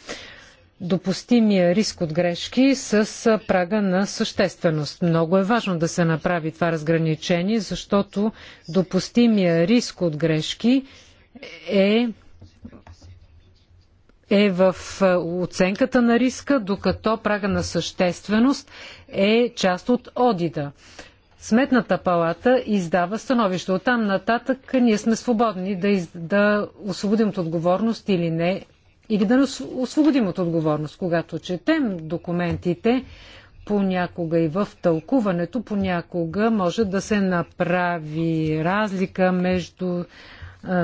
допустимия риск от грешки с прага на същественост. Много е важно да се направи това разграничение, защото допустимия риск от грешки е е в е, оценката на риска, докато прага на същественост е част от одита. Сметната палата издава становище. От там нататък ние сме свободни да, из... да освободим от отговорност или не, или да не освободим от отговорност. Когато четем документите, понякога и в тълкуването, понякога може да се направи разлика между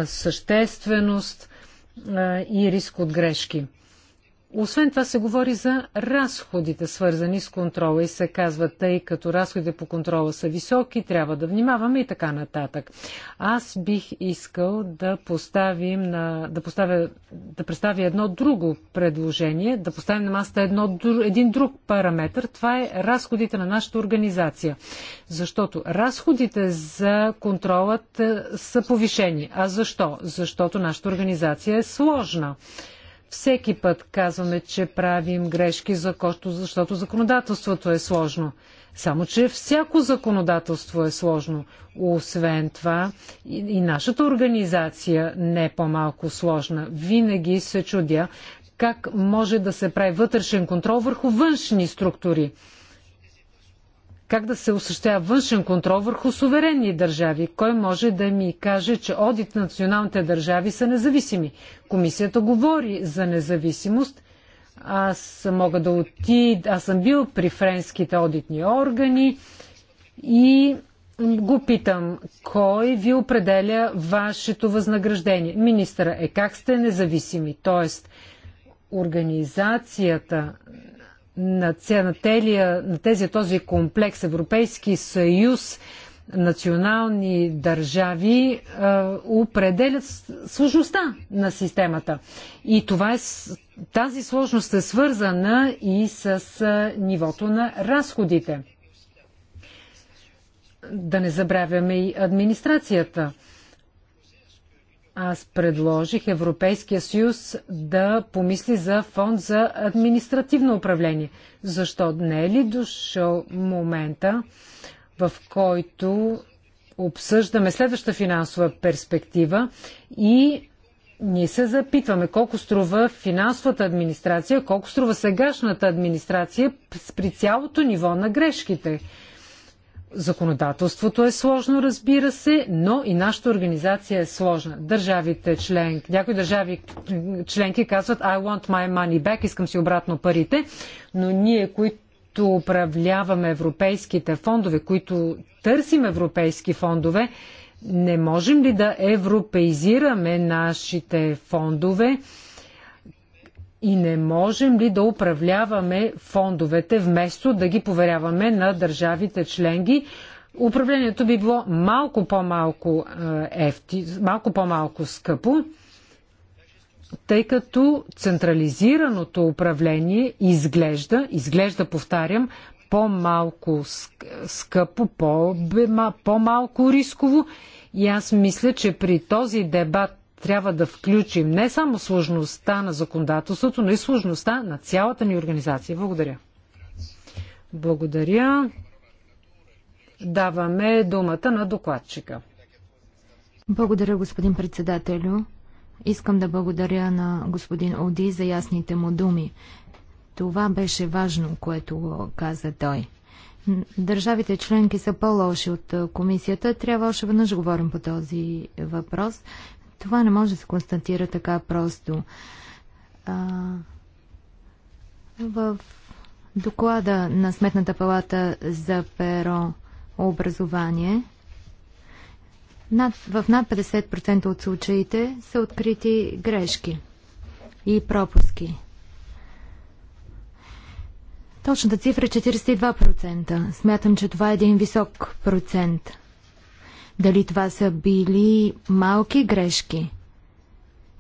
същественост, и риск от грешки. Освен това се говори за разходите, свързани с контрола и се казва, тъй като разходите по контрола са високи, трябва да внимаваме и така нататък. Аз бих искал да поставим на, да, поставя, да представя едно друго предложение, да поставим на масата едно, един друг параметр. Това е разходите на нашата организация. Защото разходите за контролът е, са повишени. А защо? Защото нашата организация е сложна. Всеки път казваме, че правим грешки, защото законодателството е сложно. Само, че всяко законодателство е сложно. Освен това, и нашата организация не е по-малко сложна. Винаги се чудя как може да се прави вътрешен контрол върху външни структури как да се осъществява външен контрол върху суверенни държави. Кой може да ми каже, че одит на националните държави са независими? Комисията говори за независимост. Аз мога да отида, аз съм бил при френските одитни органи и го питам, кой ви определя вашето възнаграждение? Министъра е как сте независими, т.е. организацията на, целия, на тези, този комплекс Европейски съюз, национални държави е, определят сложността на системата. И това е, тази сложност е свързана и с е, нивото на разходите. Да не забравяме и администрацията аз предложих Европейския съюз да помисли за фонд за административно управление. Защо не е ли дошъл момента, в който обсъждаме следваща финансова перспектива и ние се запитваме колко струва финансовата администрация, колко струва сегашната администрация при цялото ниво на грешките. Законодателството е сложно, разбира се, но и нашата организация е сложна. Държавите членки, някои държави членки казват I want my money back, искам си обратно парите, но ние, които управляваме европейските фондове, които търсим европейски фондове, не можем ли да европеизираме нашите фондове? И не можем ли да управляваме фондовете, вместо да ги поверяваме на държавите членки? Управлението би било малко по-малко е, ефти, малко по-малко скъпо, тъй като централизираното управление изглежда, изглежда, повтарям, по-малко скъпо, по-малко рисково. И аз мисля, че при този дебат трябва да включим не само сложността на законодателството, но и сложността на цялата ни организация. Благодаря. Благодаря. Даваме думата на докладчика. Благодаря, господин председателю. Искам да благодаря на господин Оди за ясните му думи. Това беше важно, което каза той. Държавите членки са по-лоши от комисията. Трябва още веднъж говорим по този въпрос. Това не може да се констатира така просто. А, в доклада на Сметната палата за перо образование над, в над 50% от случаите са открити грешки и пропуски. Точната цифра е 42%. Смятам, че това е един висок процент – дали това са били малки грешки?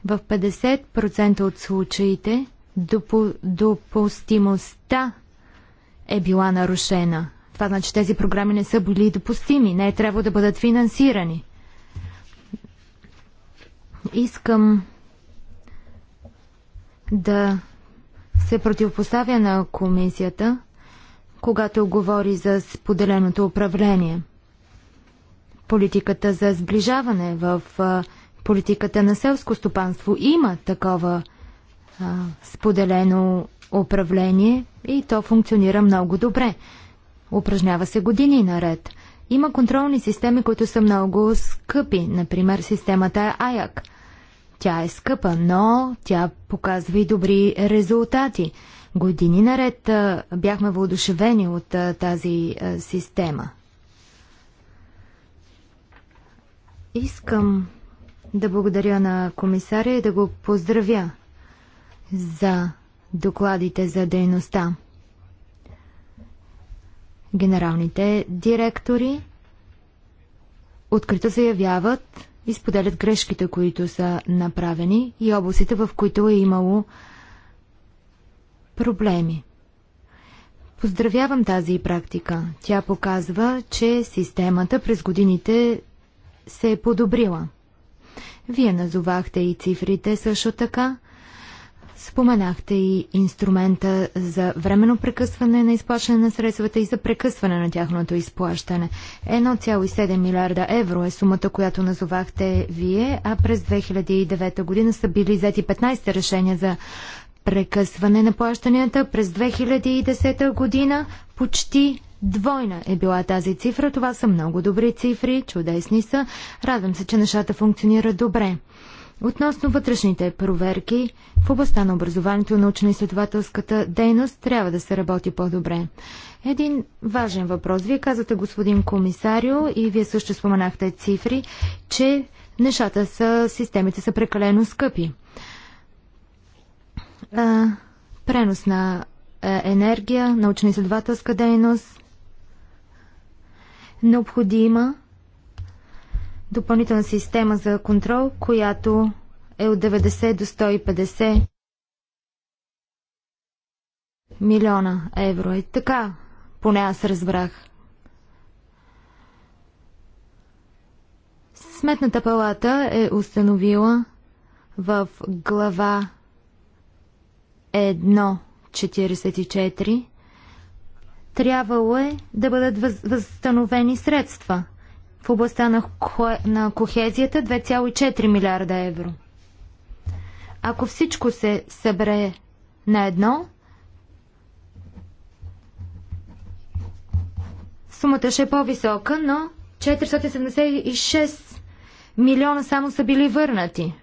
В 50% от случаите допу, допустимостта е била нарушена. Това значи, тези програми не са били допустими, не е трябва да бъдат финансирани. Искам да се противопоставя на комисията, когато говори за споделеното управление – политиката за сближаване, в политиката на селско стопанство има такова споделено управление и то функционира много добре. Упражнява се години наред. Има контролни системи, които са много скъпи. Например, системата е АЯК. Тя е скъпа, но тя показва и добри резултати. Години наред бяхме въодушевени от тази система. Искам да благодаря на комисаря и да го поздравя за докладите за дейността. Генералните директори открито се явяват и споделят грешките, които са направени и областите, в които е имало проблеми. Поздравявам тази практика. Тя показва, че системата през годините се е подобрила. Вие назовахте и цифрите също така. Споменахте и инструмента за временно прекъсване на изплащане на средствата и за прекъсване на тяхното изплащане. 1,7 милиарда евро е сумата, която назовахте вие, а през 2009 година са били взети 15 решения за прекъсване на плащанията. През 2010 година почти Двойна е била тази цифра. Това са много добри цифри, чудесни са. Радвам се, че нещата функционират добре. Относно вътрешните проверки, в областта на образованието и научно-изследователската дейност трябва да се работи по-добре. Един важен въпрос. Вие казвате, господин комисарио, и вие също споменахте цифри, че нещата са, системите са прекалено скъпи. А, пренос на е, енергия, научно-изследователска дейност, необходима допълнителна система за контрол, която е от 90 до 150 милиона евро. И е, така, поне аз разбрах. Сметната палата е установила в глава 1.44 трябвало е да бъдат въз, възстановени средства в областта на, на кохезията 2,4 милиарда евро. Ако всичко се събере на едно, сумата ще е по-висока, но 476 милиона само са били върнати.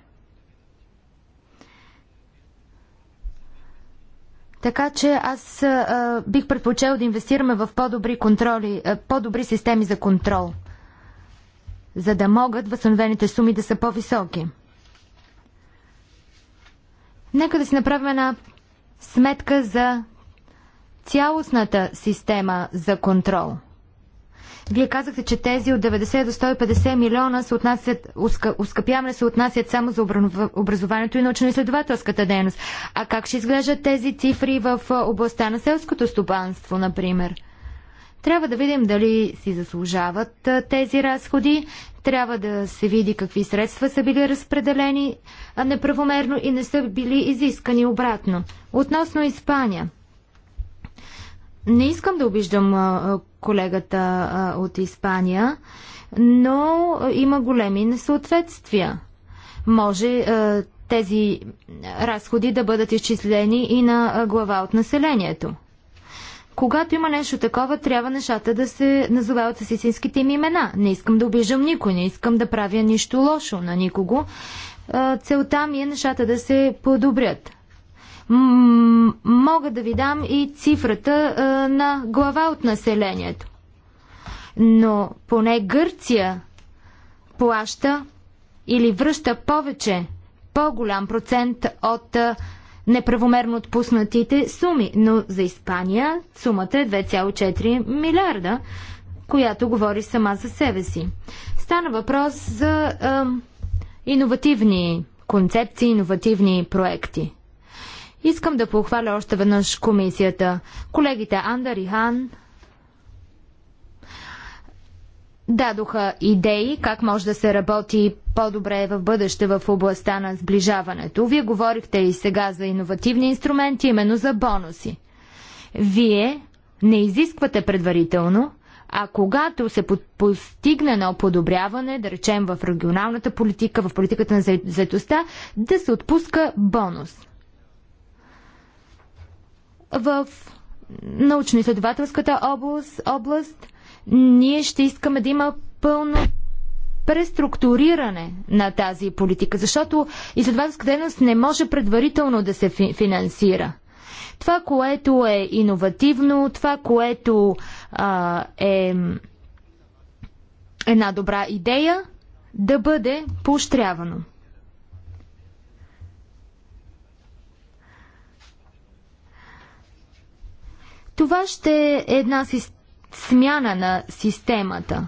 Така че аз а, бих предпочел да инвестираме в по-добри контроли, по-добри системи за контрол, за да могат възстановените суми да са по-високи. Нека да си направим една сметка за цялостната система за контрол – вие казахте, че тези от 90 до 150 милиона се отнасят, ускъпяване се отнасят само за образованието и научно-изследователската дейност. А как ще изглеждат тези цифри в областта на селското стопанство, например? Трябва да видим дали си заслужават тези разходи, трябва да се види какви средства са били разпределени неправомерно и не са били изискани обратно. Относно Испания. Не искам да обиждам колегата а, от Испания, но има големи несъответствия. Може а, тези разходи да бъдат изчислени и на глава от населението. Когато има нещо такова, трябва нещата да се назовават с истинските им имена. Не искам да обижам никой, не искам да правя нищо лошо на никого. Целта ми е нещата да се подобрят. Мога да ви дам и цифрата а, на глава от населението. Но поне Гърция плаща или връща повече, по-голям процент от а, неправомерно отпуснатите суми. Но за Испания сумата е 2,4 милиарда, която говори сама за себе си. Стана въпрос за а, иновативни концепции, иновативни проекти. Искам да похваля още веднъж комисията. Колегите Андър и Хан дадоха идеи как може да се работи по-добре в бъдеще в областта на сближаването. Вие говорихте и сега за иновативни инструменти, именно за бонуси. Вие не изисквате предварително, а когато се постигне на подобряване, да речем в регионалната политика, в политиката на заедостта, да се отпуска бонус – в научно-изследователската област, област ние ще искаме да има пълно преструктуриране на тази политика, защото изследователската дейност не може предварително да се финансира. Това, което е иновативно, това, което а, е една добра идея, да бъде поощрявано. Това ще е една си... смяна на системата.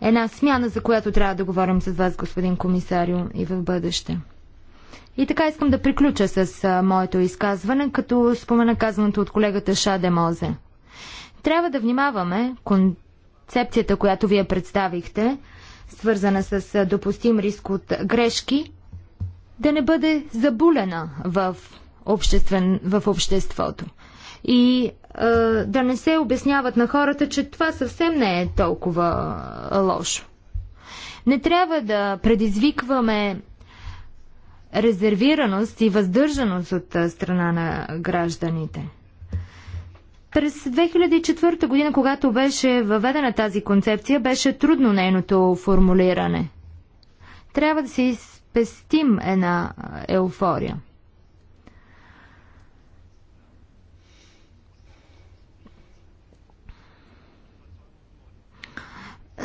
Една смяна, за която трябва да говорим с вас, господин комисарио, и в бъдеще. И така искам да приключа с а, моето изказване, като спомена казаното от колегата Шаде Мозе. Трябва да внимаваме концепцията, която вие представихте, свързана с а, допустим риск от грешки, да не бъде забулена в, обществен, в обществото. И да не се обясняват на хората, че това съвсем не е толкова лошо. Не трябва да предизвикваме резервираност и въздържаност от страна на гражданите. През 2004 година, когато беше въведена тази концепция, беше трудно нейното формулиране. Трябва да си изпестим една еуфория.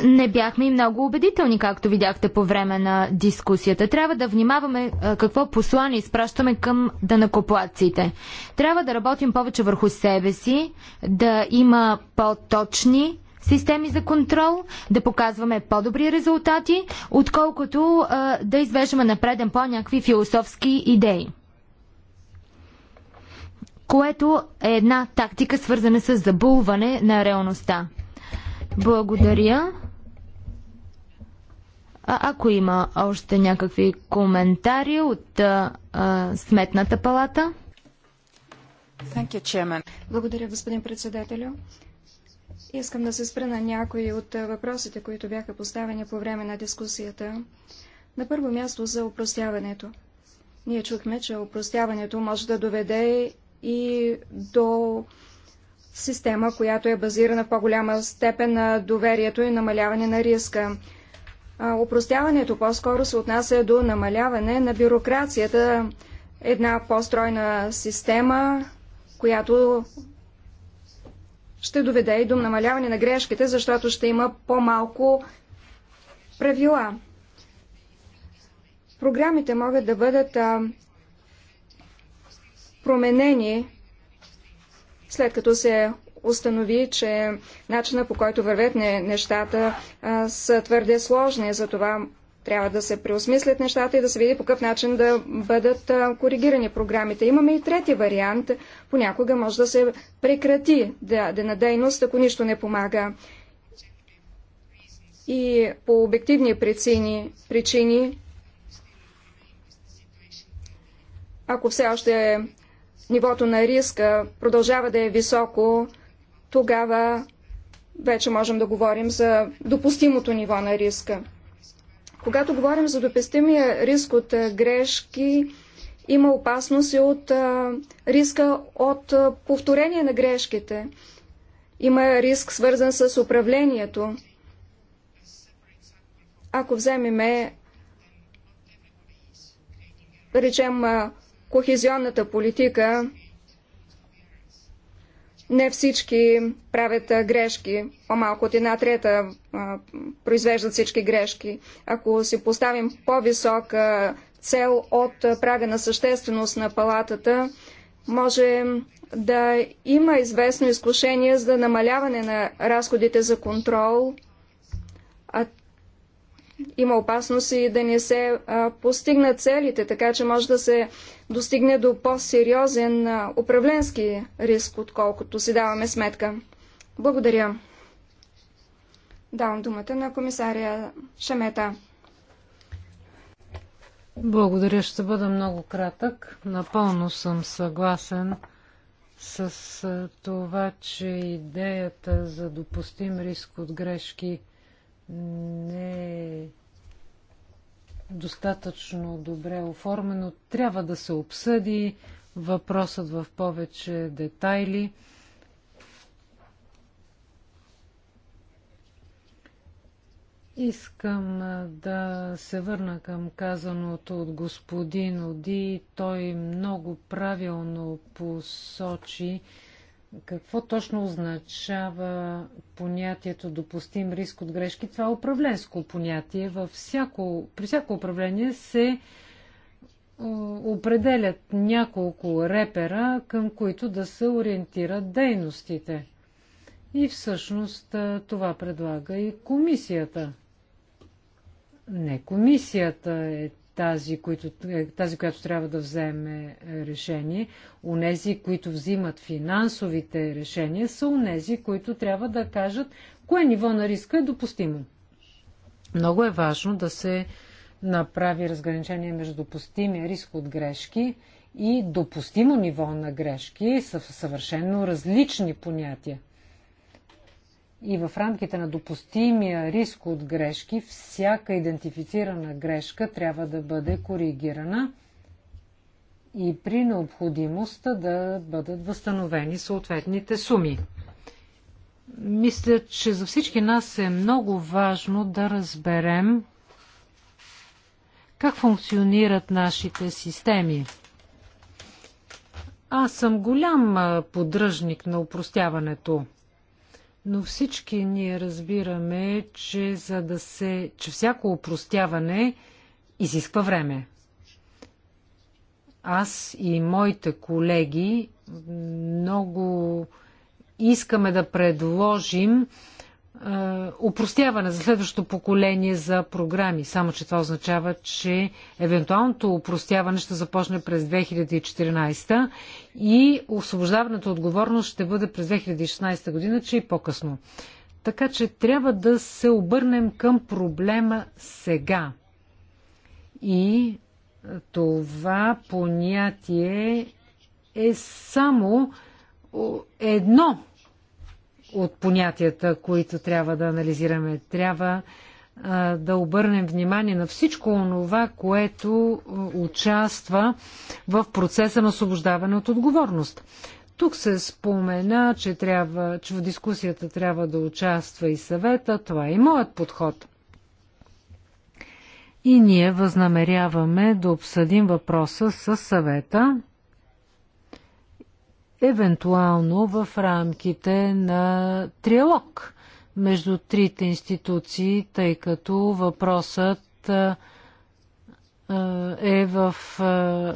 не бяхме и много убедителни, както видяхте по време на дискусията. Трябва да внимаваме е, какво послание изпращаме към дънакоплаците. Трябва да работим повече върху себе си, да има по-точни системи за контрол, да показваме по-добри резултати, отколкото е, да извеждаме на преден план някакви философски идеи. Което е една тактика, свързана с забулване на реалността. Благодаря. А, ако има още някакви коментари от а, Сметната палата. You, Благодаря, господин председателю. Искам да се спра на някои от въпросите, които бяха поставени по време на дискусията. На първо място за упростяването. Ние чухме, че упростяването може да доведе и до система, която е базирана в по-голяма степен на доверието и намаляване на риска. Опростяването по-скоро се отнася до намаляване на бюрокрацията, една по-стройна система, която ще доведе и до намаляване на грешките, защото ще има по-малко правила. Програмите могат да бъдат а, променени, след като се установи, че начина по който вървят нещата са твърде сложни, затова трябва да се преосмислят нещата и да се види по какъв начин да бъдат коригирани програмите. Имаме и трети вариант. Понякога може да се прекрати дадена дейност, ако нищо не помага. И по обективни причини, причини ако все още нивото на риска продължава да е високо, тогава вече можем да говорим за допустимото ниво на риска. Когато говорим за допустимия риск от грешки, има опасност и от риска от повторение на грешките. Има риск свързан с управлението. Ако вземеме, речем, кохезионната политика, не всички правят грешки, по-малко от една трета произвеждат всички грешки. Ако си поставим по-висока цел от прага на същественост на палатата, може да има известно изкушение за намаляване на разходите за контрол, а има опасност и да не се постигнат целите, така че може да се достигне до по-сериозен управленски риск, отколкото си даваме сметка. Благодаря. Давам думата на комисария Шамета. Благодаря, ще бъда много кратък. Напълно съм съгласен с това, че идеята за допустим риск от грешки – не е достатъчно добре оформено. Трябва да се обсъди въпросът в повече детайли. Искам да се върна към казаното от господин Оди. Той много правилно посочи какво точно означава понятието допустим риск от грешки? Това е управленско понятие. Във всяко, при всяко управление се е, определят няколко репера, към които да се ориентират дейностите. И всъщност е, това предлага и комисията. Не комисията е тази, които, е, тази която трябва да вземе е, решение. Унези, които взимат финансовите решения, са унези, които трябва да кажат кое ниво на риска е допустимо. Много е важно да се направи разграничение между допустимия риск от грешки и допустимо ниво на грешки са съвършенно различни понятия и в рамките на допустимия риск от грешки, всяка идентифицирана грешка трябва да бъде коригирана и при необходимост да бъдат възстановени съответните суми. Мисля, че за всички нас е много важно да разберем как функционират нашите системи. Аз съм голям поддръжник на упростяването – но всички ние разбираме, че, за да се, че всяко упростяване изисква време. Аз и моите колеги много искаме да предложим е, упростяване за следващото поколение за програми. Само, че това означава, че евентуалното упростяване ще започне през 2014 и освобождаването отговорност ще бъде през 2016 година, че и по-късно. Така че трябва да се обърнем към проблема сега. И това понятие е само едно от понятията, които трябва да анализираме. Трябва а, да обърнем внимание на всичко онова, което участва в процеса на освобождаване от отговорност. Тук се спомена, че, трябва, че в дискусията трябва да участва и съвета. Това е и моят подход. И ние възнамеряваме да обсъдим въпроса с съвета евентуално в рамките на триалог между трите институции, тъй като въпросът е в...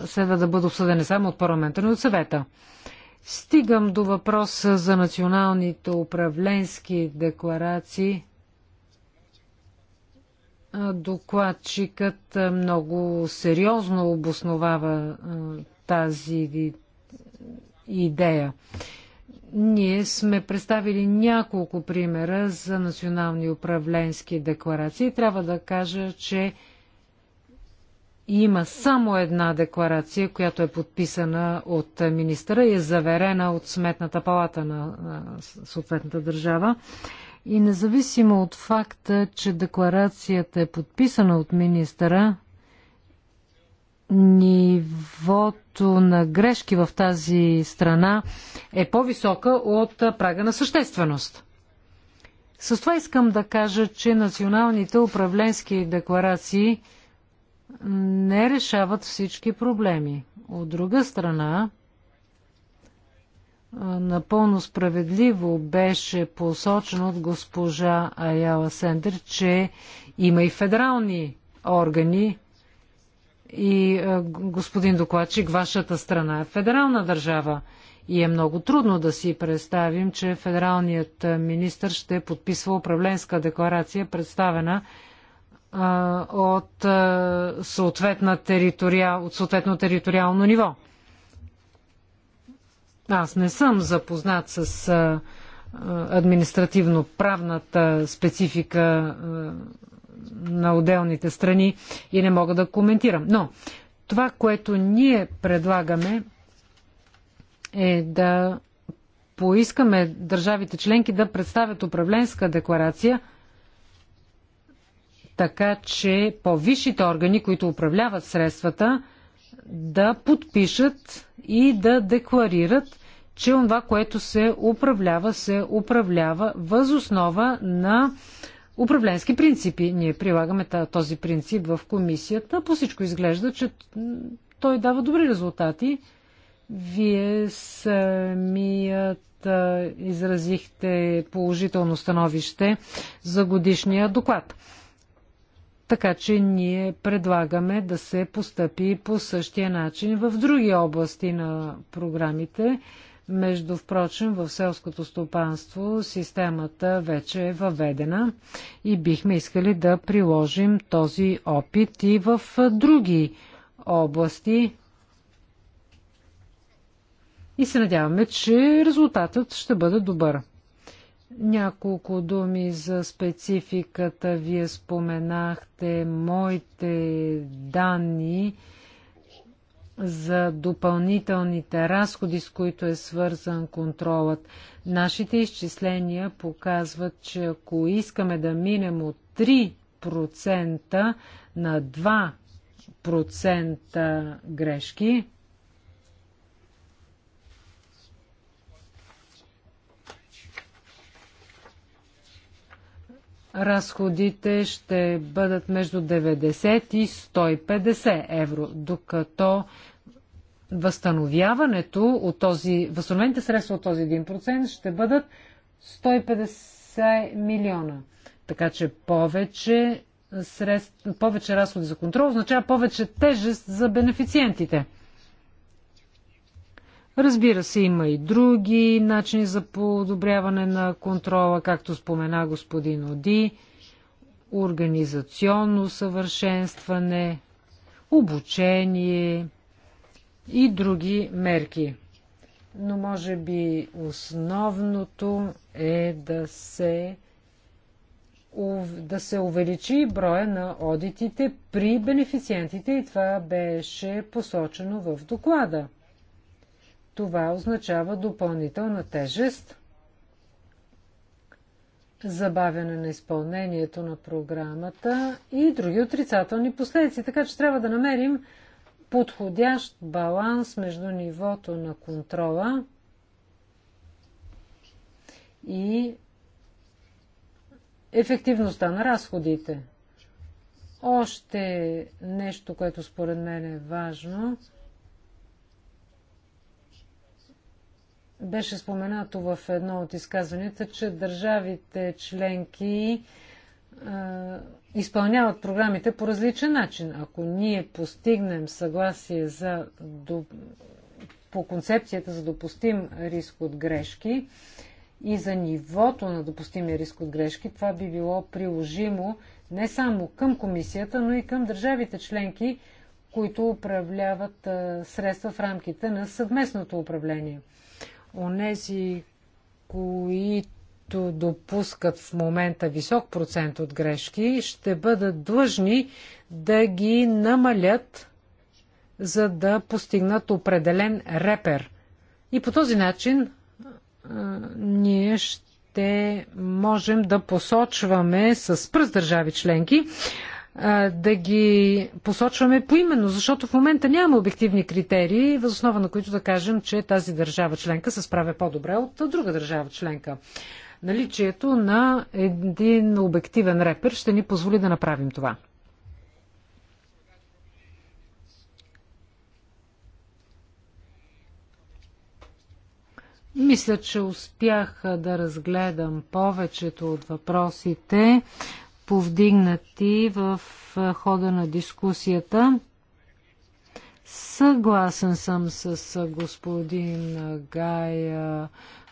следва да бъде обсъден не само от парламента, но и от съвета. Стигам до въпроса за националните управленски декларации. Докладчикът много сериозно обосновава тази идея. Ние сме представили няколко примера за национални управленски декларации. Трябва да кажа, че има само една декларация, която е подписана от министъра и е заверена от Сметната палата на съответната държава. И независимо от факта, че декларацията е подписана от министъра, нивото на грешки в тази страна е по-висока от прага на същественост. С това искам да кажа, че националните управленски декларации не решават всички проблеми. От друга страна, напълно справедливо беше посочено от госпожа Аяла Сендер, че има и федерални органи, и господин докладчик, вашата страна е федерална държава и е много трудно да си представим, че федералният министр ще подписва управленска декларация, представена от, съответна територия, от съответно териториално ниво. Аз не съм запознат с административно-правната специфика на отделните страни и не мога да коментирам. Но това, което ние предлагаме е да поискаме държавите членки да представят управленска декларация, така че по-висшите органи, които управляват средствата, да подпишат и да декларират, че това, което се управлява, се управлява възоснова на управленски принципи. Ние прилагаме този принцип в комисията. По всичко изглежда, че той дава добри резултати. Вие самият изразихте положително становище за годишния доклад. Така че ние предлагаме да се постъпи по същия начин в други области на програмите. Между впрочем, в селското стопанство системата вече е въведена и бихме искали да приложим този опит и в други области. И се надяваме, че резултатът ще бъде добър. Няколко думи за спецификата. Вие споменахте моите данни за допълнителните разходи, с които е свързан контролът. Нашите изчисления показват, че ако искаме да минем от 3% на 2% грешки, разходите ще бъдат между 90 и 150 евро, докато възстановяването от този, възстановените средства от този 1% ще бъдат 150 милиона. Така че повече, средств, повече разходи за контрол означава повече тежест за бенефициентите – Разбира се, има и други начини за подобряване на контрола, както спомена господин Оди, организационно съвършенстване, обучение и други мерки. Но може би основното е да се да се увеличи броя на одитите при бенефициентите и това беше посочено в доклада това означава допълнителна тежест, забавяне на изпълнението на програмата и други отрицателни последици. Така че трябва да намерим подходящ баланс между нивото на контрола и ефективността на разходите. Още нещо, което според мен е важно – Беше споменато в едно от изказванията, че държавите членки изпълняват програмите по различен начин. Ако ние постигнем съгласие за, до, по концепцията за допустим риск от грешки и за нивото на допустимия риск от грешки, това би било приложимо не само към комисията, но и към държавите членки, които управляват средства в рамките на съвместното управление. Онези, които допускат в момента висок процент от грешки, ще бъдат длъжни да ги намалят, за да постигнат определен репер. И по този начин а, ние ще можем да посочваме с пръст държави членки, да ги посочваме поименно, защото в момента няма обективни критерии, възоснова на които да кажем, че тази държава членка се справя по-добре от друга държава членка. Наличието на един обективен репер ще ни позволи да направим това. Мисля, че успях да разгледам повечето от въпросите повдигнати в хода на дискусията. Съгласен съм с господин Гая,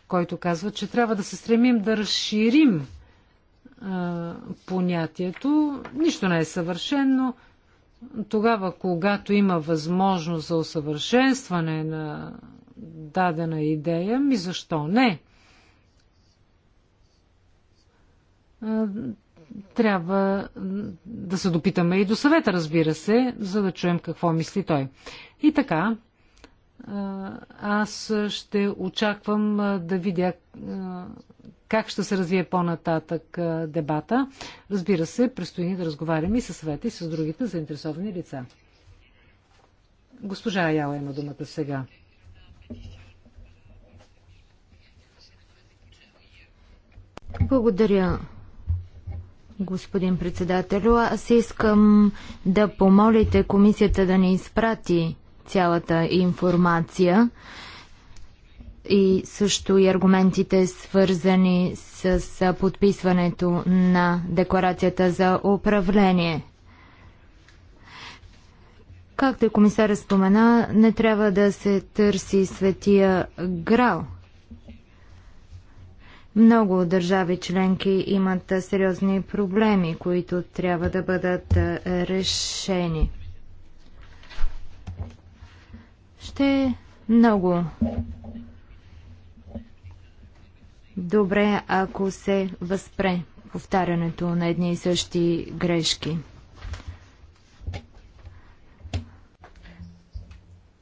който казва, че трябва да се стремим да разширим понятието. Нищо не е съвършено. Тогава, когато има възможност за усъвършенстване на дадена идея, ми защо не? трябва да се допитаме и до съвета, разбира се, за да чуем какво мисли той. И така, аз ще очаквам да видя как ще се развие по-нататък дебата. Разбира се, предстои да разговаряме и със съвета и с другите заинтересовани лица. Госпожа Аяла има думата сега. Благодаря, господин председател, Аз искам да помолите комисията да ни изпрати цялата информация и също и аргументите свързани с подписването на декларацията за управление. Както и комисарът спомена, не трябва да се търси светия грал – много държави членки имат сериозни проблеми, които трябва да бъдат решени. Ще е много добре, ако се възпре повтарянето на едни и същи грешки.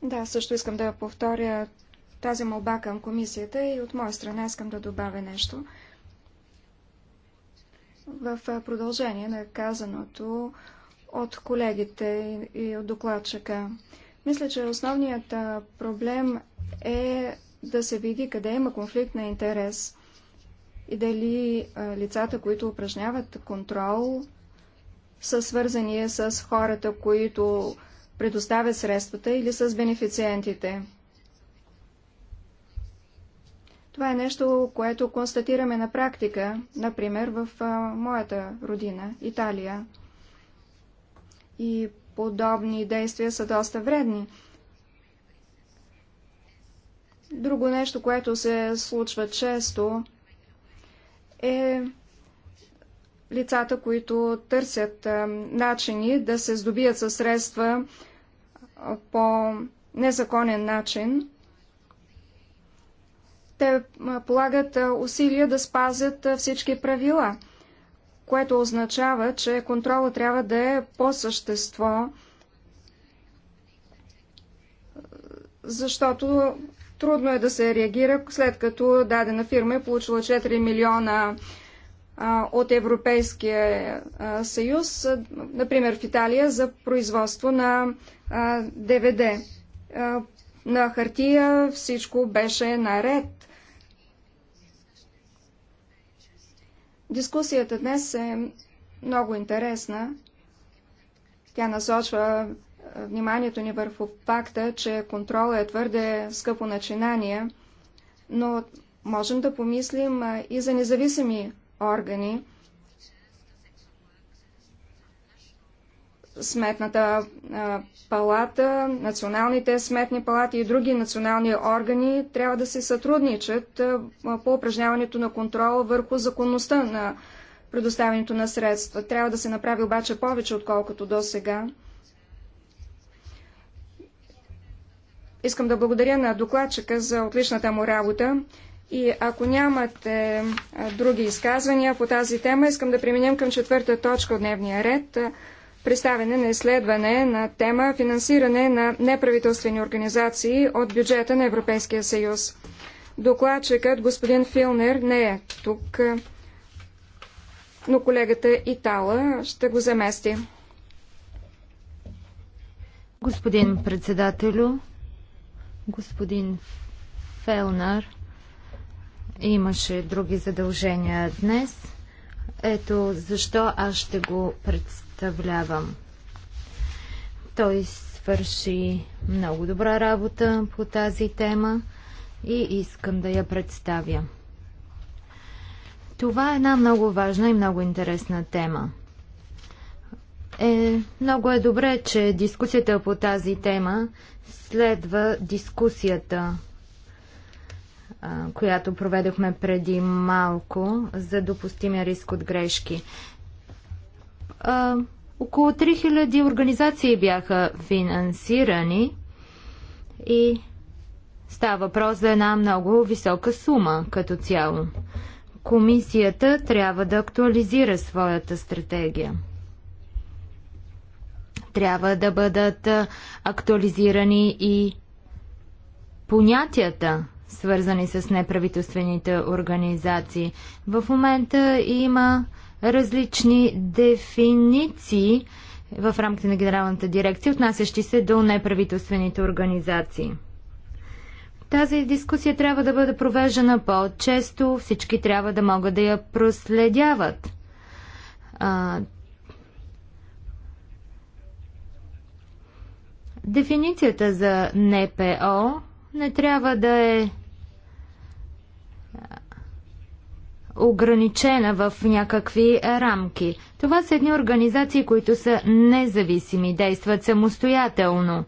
Да, също искам да повторя тази молба към комисията е и от моя страна искам да добавя нещо. В продължение на казаното от колегите и от докладчика, мисля, че основният проблем е да се види къде има конфликт на интерес и дали лицата, които упражняват контрол, са свързани с хората, които предоставят средствата или с бенефициентите. Това е нещо, което констатираме на практика, например в моята родина, Италия. И подобни действия са доста вредни. Друго нещо, което се случва често, е лицата, които търсят начини да се здобият със средства по незаконен начин. Те полагат усилия да спазят всички правила, което означава, че контрола трябва да е по същество, защото трудно е да се реагира, след като дадена фирма е получила 4 милиона от Европейския съюз, например в Италия, за производство на ДВД. На хартия всичко беше наред. Дискусията днес е много интересна. Тя насочва вниманието ни върху факта, че контрола е твърде скъпо начинание, но можем да помислим и за независими органи, Сметната палата, националните сметни палати и други национални органи трябва да се сътрудничат по упражняването на контрол върху законността на предоставянето на средства. Трябва да се направи обаче повече, отколкото до сега. Искам да благодаря на докладчика за отличната му работа. И ако нямате други изказвания по тази тема, искам да преминем към четвърта точка от дневния ред представяне на изследване на тема финансиране на неправителствени организации от бюджета на Европейския съюз. Докладчикът господин Филнер не е тук, но колегата Итала ще го замести. Господин председателю, господин Фелнар имаше други задължения днес. Ето защо аз ще го представя представлявам. Той свърши много добра работа по тази тема и искам да я представя. Това е една много важна и много интересна тема. Е, много е добре, че дискусията по тази тема следва дискусията, която проведохме преди малко за допустимия риск от грешки а, около 3000 организации бяха финансирани и става въпрос за една много висока сума като цяло. Комисията трябва да актуализира своята стратегия. Трябва да бъдат актуализирани и понятията, свързани с неправителствените организации. В момента има различни дефиниции в рамките на Генералната дирекция, отнасящи се до неправителствените организации. Тази дискусия трябва да бъде провеждана по-често, всички трябва да могат да я проследяват. А, дефиницията за НПО не трябва да е ограничена в някакви рамки. Това са едни организации, които са независими, действат самостоятелно.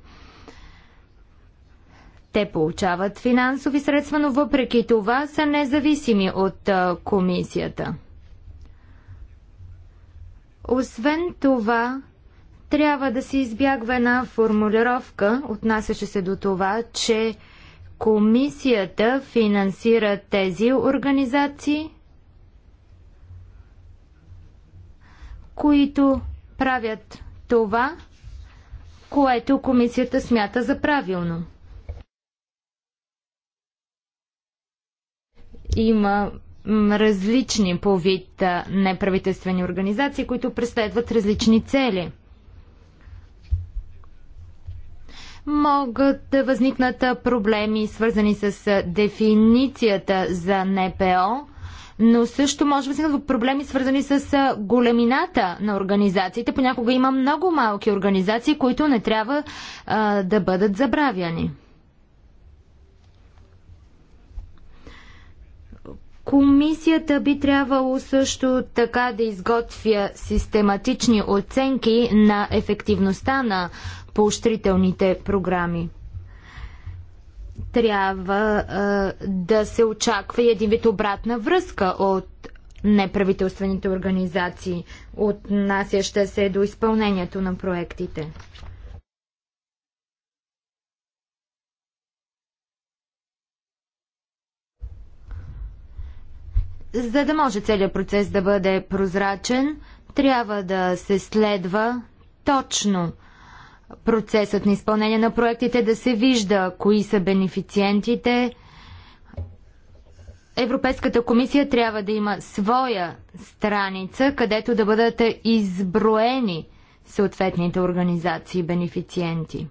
Те получават финансови средства, но въпреки това са независими от а, комисията. Освен това, трябва да се избягва една формулировка, отнасяща се до това, че комисията финансира тези организации – които правят това, което комисията смята за правилно. Има различни по вид неправителствени организации, които преследват различни цели. Могат да възникнат проблеми, свързани с дефиницията за НПО но също може да възникнат проблеми свързани с големината на организациите. Понякога има много малки организации, които не трябва а, да бъдат забравяни. Комисията би трябвало също така да изготвя систематични оценки на ефективността на поощрителните програми трябва а, да се очаква и един вид обратна връзка от неправителствените организации, отнасяща се до изпълнението на проектите. За да може целият процес да бъде прозрачен, трябва да се следва точно процесът на изпълнение на проектите да се вижда кои са бенефициентите. Европейската комисия трябва да има своя страница, където да бъдат изброени съответните организации бенефициенти.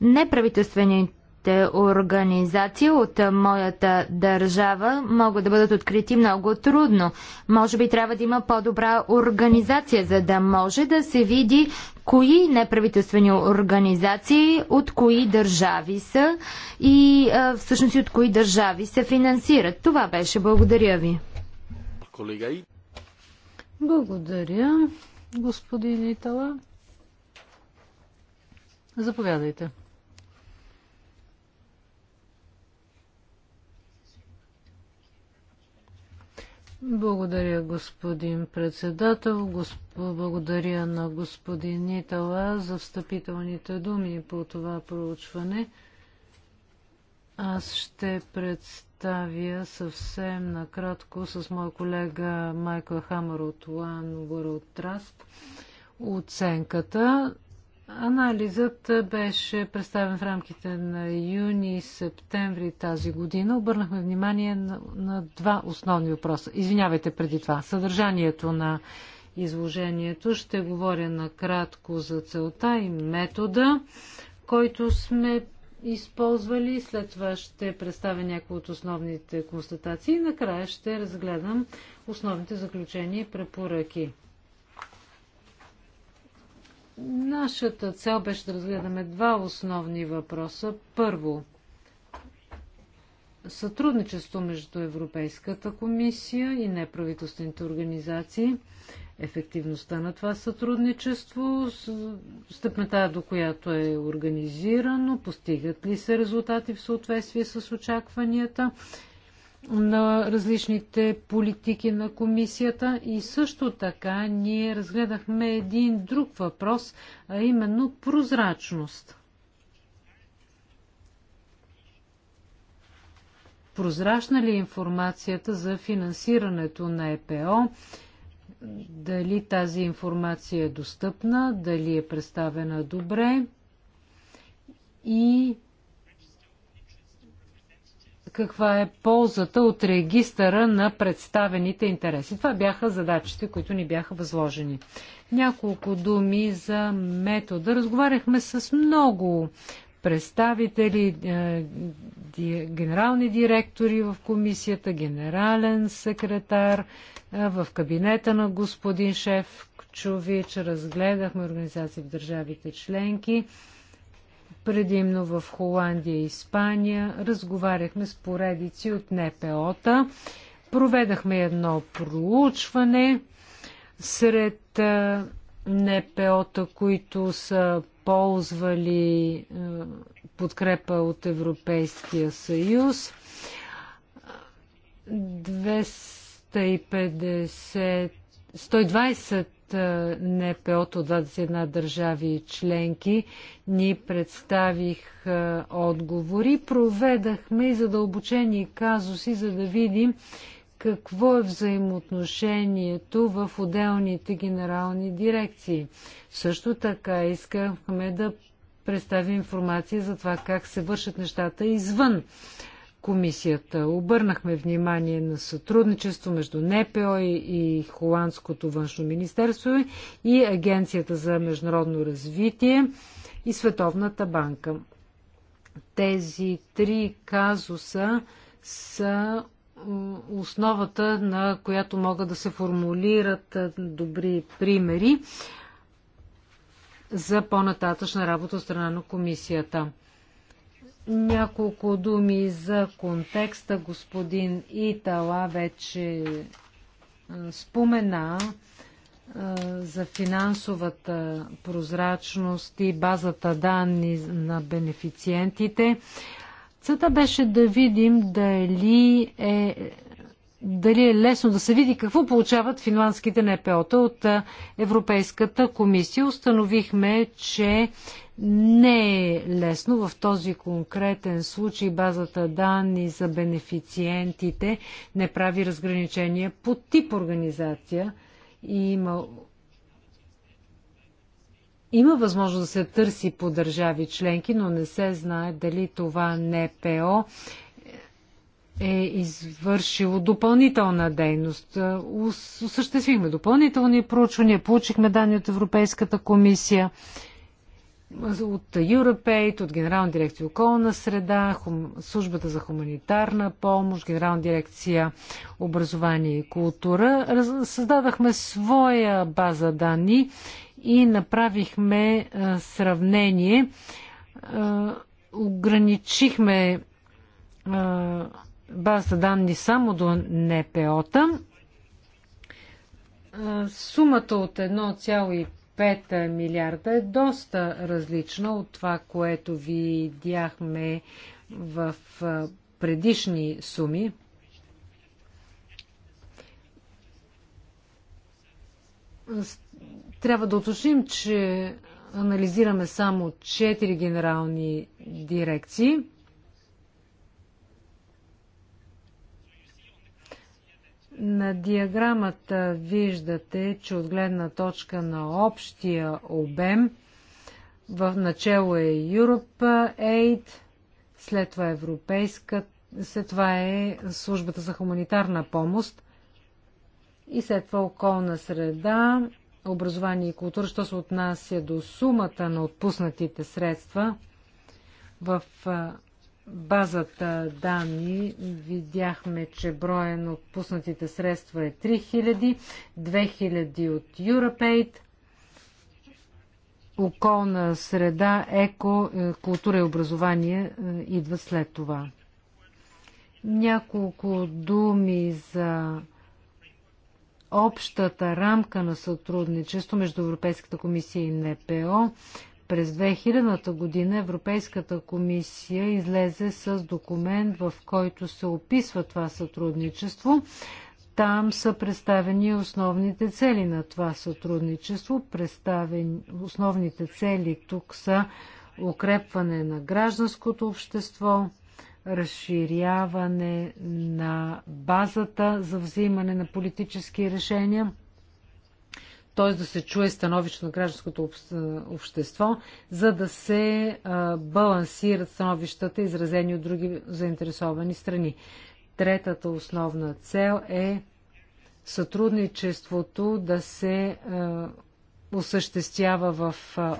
Неправителствените Международните организации от моята държава могат да бъдат открити много трудно. Може би трябва да има по-добра организация, за да може да се види кои неправителствени организации от кои държави са и а, всъщност от кои държави се финансират. Това беше. Благодаря ви. Колега и... Благодаря, господин Итала. Заповядайте. Благодаря, господин председател. Госп... Благодаря на господин Нитала за встъпителните думи по това проучване. Аз ще представя съвсем накратко с мой колега Майкъл Хамър от One World Trust оценката Анализът беше представен в рамките на юни и септември тази година. Обърнахме внимание на, на два основни въпроса. Извинявайте преди това. Съдържанието на изложението. Ще говоря накратко за целта и метода, който сме използвали. След това ще представя някои от основните констатации накрая ще разгледам основните заключения и препоръки. Нашата цел беше да разгледаме два основни въпроса. Първо, сътрудничество между Европейската комисия и неправителствените организации, ефективността на това сътрудничество, степента до която е организирано, постигат ли се резултати в съответствие с очакванията на различните политики на комисията и също така ние разгледахме един друг въпрос, а именно прозрачност. Прозрачна ли е информацията за финансирането на ЕПО? Дали тази информация е достъпна? Дали е представена добре? И каква е ползата от регистъра на представените интереси. Това бяха задачите, които ни бяха възложени. Няколко думи за метода. Разговаряхме с много представители, е, генерални директори в комисията, генерален секретар е, в кабинета на господин Шеф Чувич, разгледахме организации в държавите членки предимно в Холандия и Испания. Разговаряхме с поредици от НПО-та. Проведахме едно проучване сред НПО-та, които са ползвали подкрепа от Европейския съюз. 250 120 НПО-то от 21 държави членки ни представих отговори. Проведахме и задълбочени казуси, за да видим какво е взаимоотношението в отделните генерални дирекции. Също така искахме да представим информация за това как се вършат нещата извън комисията. Обърнахме внимание на сътрудничество между НПО и Холандското външно министерство и Агенцията за международно развитие и Световната банка. Тези три казуса са основата, на която могат да се формулират добри примери за по-нататъчна работа от страна на комисията. Няколко думи за контекста. Господин Итала вече спомена за финансовата прозрачност и базата данни на бенефициентите. Цата беше да видим дали е, дали е лесно да се види какво получават финландските НПО-та от Европейската комисия. Установихме, че не е лесно в този конкретен случай базата данни за бенефициентите не прави разграничения по тип организация и има има възможност да се търси по държави членки, но не се знае дали това НПО е извършило допълнителна дейност. Осъществихме допълнителни проучвания, получихме данни от Европейската комисия от Европейт, от Генерална дирекция околна среда, хум, службата за хуманитарна помощ, Генерална дирекция образование и култура. Раз, създадахме своя база данни и направихме а, сравнение. А, ограничихме а, базата данни само до НПО-та. Сумата от 1,5 5 милиарда е доста различно от това, което видяхме в предишни суми. Трябва да уточним, че анализираме само 4 генерални дирекции – На диаграмата виждате, че от гледна точка на общия обем в начало е Europe Aid, след това е Европейска, след това е службата за хуманитарна помощ и след това околна среда, образование и култура, що се отнася до сумата на отпуснатите средства в базата данни видяхме, че броя на отпуснатите средства е 3000, 2000 от Europaid, околна среда, еко, е, култура и образование е, идва след това. Няколко думи за общата рамка на сътрудничество между Европейската комисия и НПО. През 2000 година Европейската комисия излезе с документ, в който се описва това сътрудничество. Там са представени основните цели на това сътрудничество. Представени... Основните цели тук са укрепване на гражданското общество, разширяване на базата за взимане на политически решения, т.е. да се чуе становище на гражданското общество, за да се балансират становищата, изразени от други заинтересовани страни. Третата основна цел е сътрудничеството да се осъществява в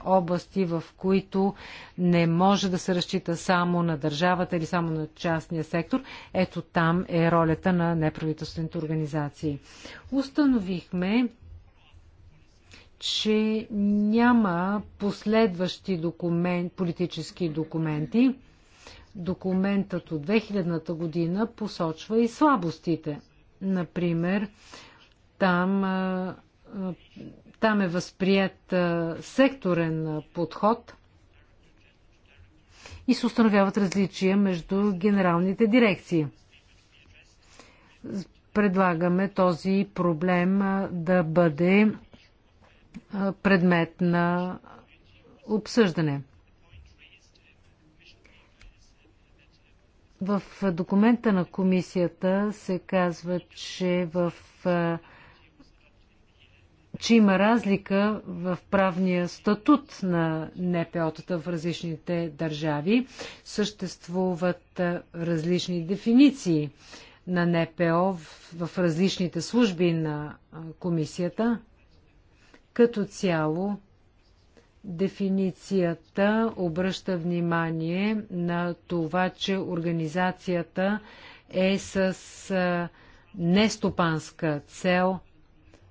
области, в които не може да се разчита само на държавата или само на частния сектор. Ето там е ролята на неправителствените организации. Установихме, че няма последващи документ, политически документи. Документът от 2000-та година посочва и слабостите. Например, там, там е възприят секторен подход и се установяват различия между генералните дирекции. Предлагаме този проблем да бъде предмет на обсъждане. В документа на комисията се казва, че, в, че има разлика в правния статут на НПО-тата в различните държави. Съществуват различни дефиниции на НПО в, в различните служби на комисията. Като цяло, дефиницията обръща внимание на това, че организацията е с нестопанска цел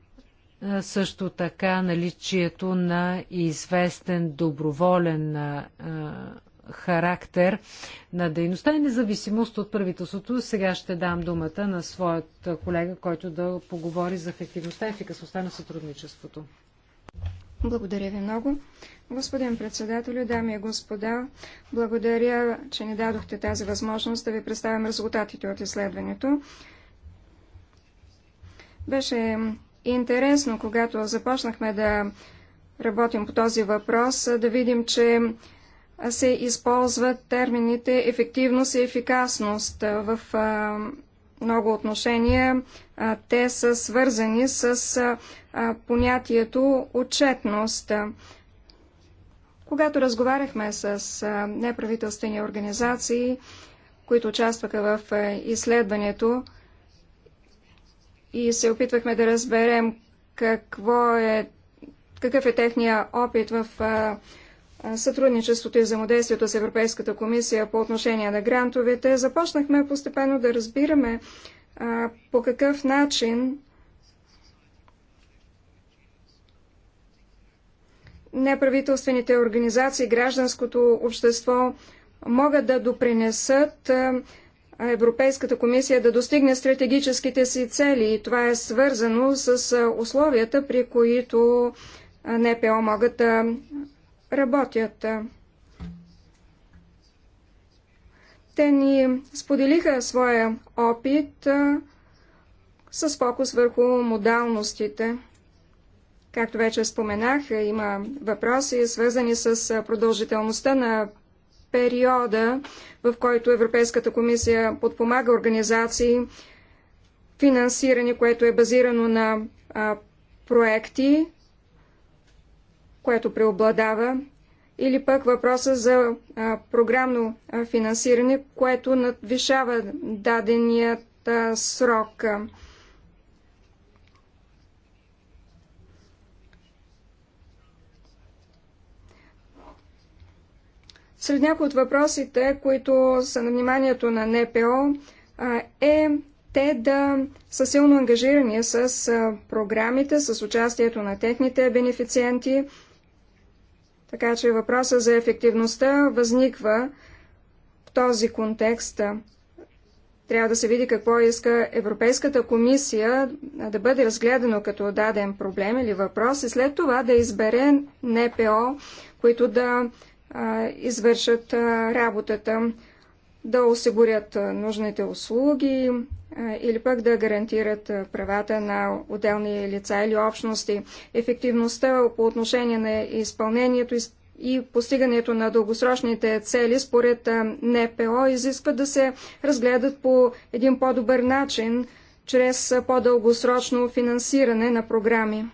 – също така наличието на известен доброволен а, характер на дейността и независимост от правителството. Сега ще дам думата на своят колега, който да поговори за ефективността и ефикасността на сътрудничеството. Благодаря ви много. Господин председател, дами и господа, благодаря, че ни дадохте тази възможност да ви представим резултатите от изследването. Беше интересно, когато започнахме да работим по този въпрос, да видим, че се използват термините ефективност и ефикасност в много отношения те са свързани с понятието отчетност. Когато разговаряхме с неправителствени организации, които участваха в изследването и се опитвахме да разберем какво е, какъв е техния опит в сътрудничеството и взаимодействието с Европейската комисия по отношение на грантовете, започнахме постепенно да разбираме а, по какъв начин неправителствените организации, гражданското общество могат да допринесат а, Европейската комисия да достигне стратегическите си цели. И това е свързано с условията, при които НПО могат да работят. Те ни споделиха своя опит с фокус върху модалностите. Както вече споменах, има въпроси, свързани с продължителността на периода, в който Европейската комисия подпомага организации, финансиране, което е базирано на а, проекти, което преобладава, или пък въпроса за а, програмно а, финансиране, което надвишава даденият а, срок. Сред някои от въпросите, които са на вниманието на НПО, е те да са силно ангажирани с програмите, с участието на техните бенефициенти – така че въпроса за ефективността възниква в този контекст. Трябва да се види какво иска Европейската комисия да бъде разгледано като даден проблем или въпрос и след това да избере НПО, които да а, извършат а, работата да осигурят нужните услуги или пък да гарантират правата на отделни лица или общности. Ефективността по отношение на изпълнението и постигането на дългосрочните цели според НПО изисква да се разгледат по един по-добър начин чрез по-дългосрочно финансиране на програми.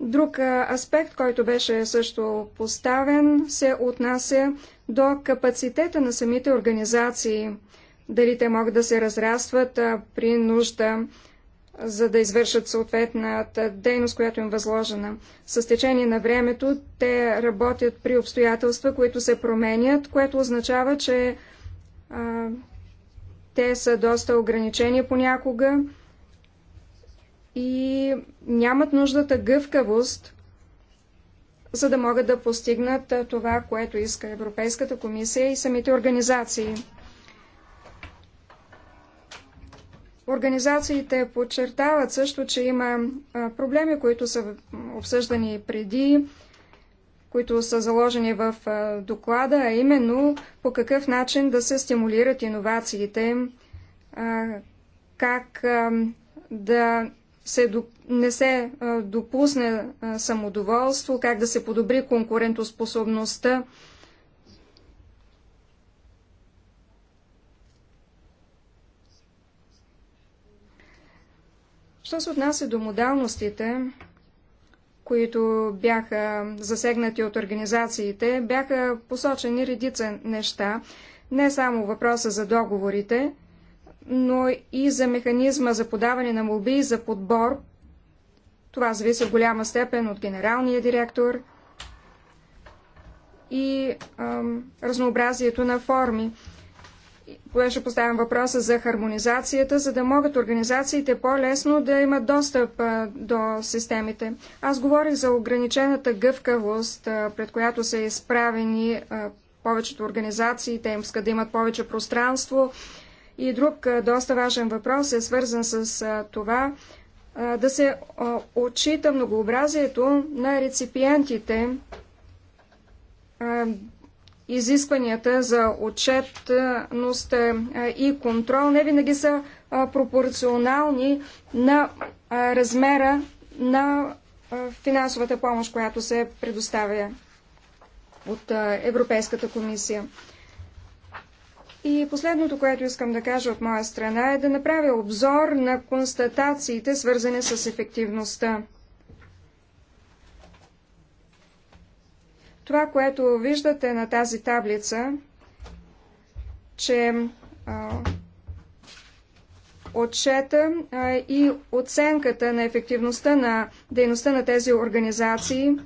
Друг аспект, който беше също поставен, се отнася до капацитета на самите организации. Дали те могат да се разрастват при нужда, за да извършат съответната дейност, която им е възложена. С течение на времето те работят при обстоятелства, които се променят, което означава, че а, те са доста ограничени понякога и нямат нуждата гъвкавост, за да могат да постигнат това, което иска Европейската комисия и самите организации. Организациите подчертават също, че има проблеми, които са обсъждани преди, които са заложени в доклада, а именно по какъв начин да се стимулират иновациите, как да се, не се допусне самодоволство, как да се подобри конкурентоспособността. Що се отнася до модалностите, които бяха засегнати от организациите, бяха посочени редица неща, не само въпроса за договорите, но и за механизма за подаване на молби и за подбор. Това зависи в голяма степен от генералния директор и ам, разнообразието на форми. Беше поставям въпроса за хармонизацията, за да могат организациите по-лесно да имат достъп а, до системите. Аз говорих за ограничената гъвкавост, а, пред която са изправени а, повечето организации. Те им искат да имат повече пространство, и друг доста важен въпрос е свързан с това да се отчита многообразието на реципиентите, изискванията за отчетност и контрол не винаги са пропорционални на размера на финансовата помощ, която се предоставя от Европейската комисия. И последното, което искам да кажа от моя страна е да направя обзор на констатациите, свързани с ефективността. Това, което виждате на тази таблица, че а, отчета а, и оценката на ефективността на дейността на тези организации –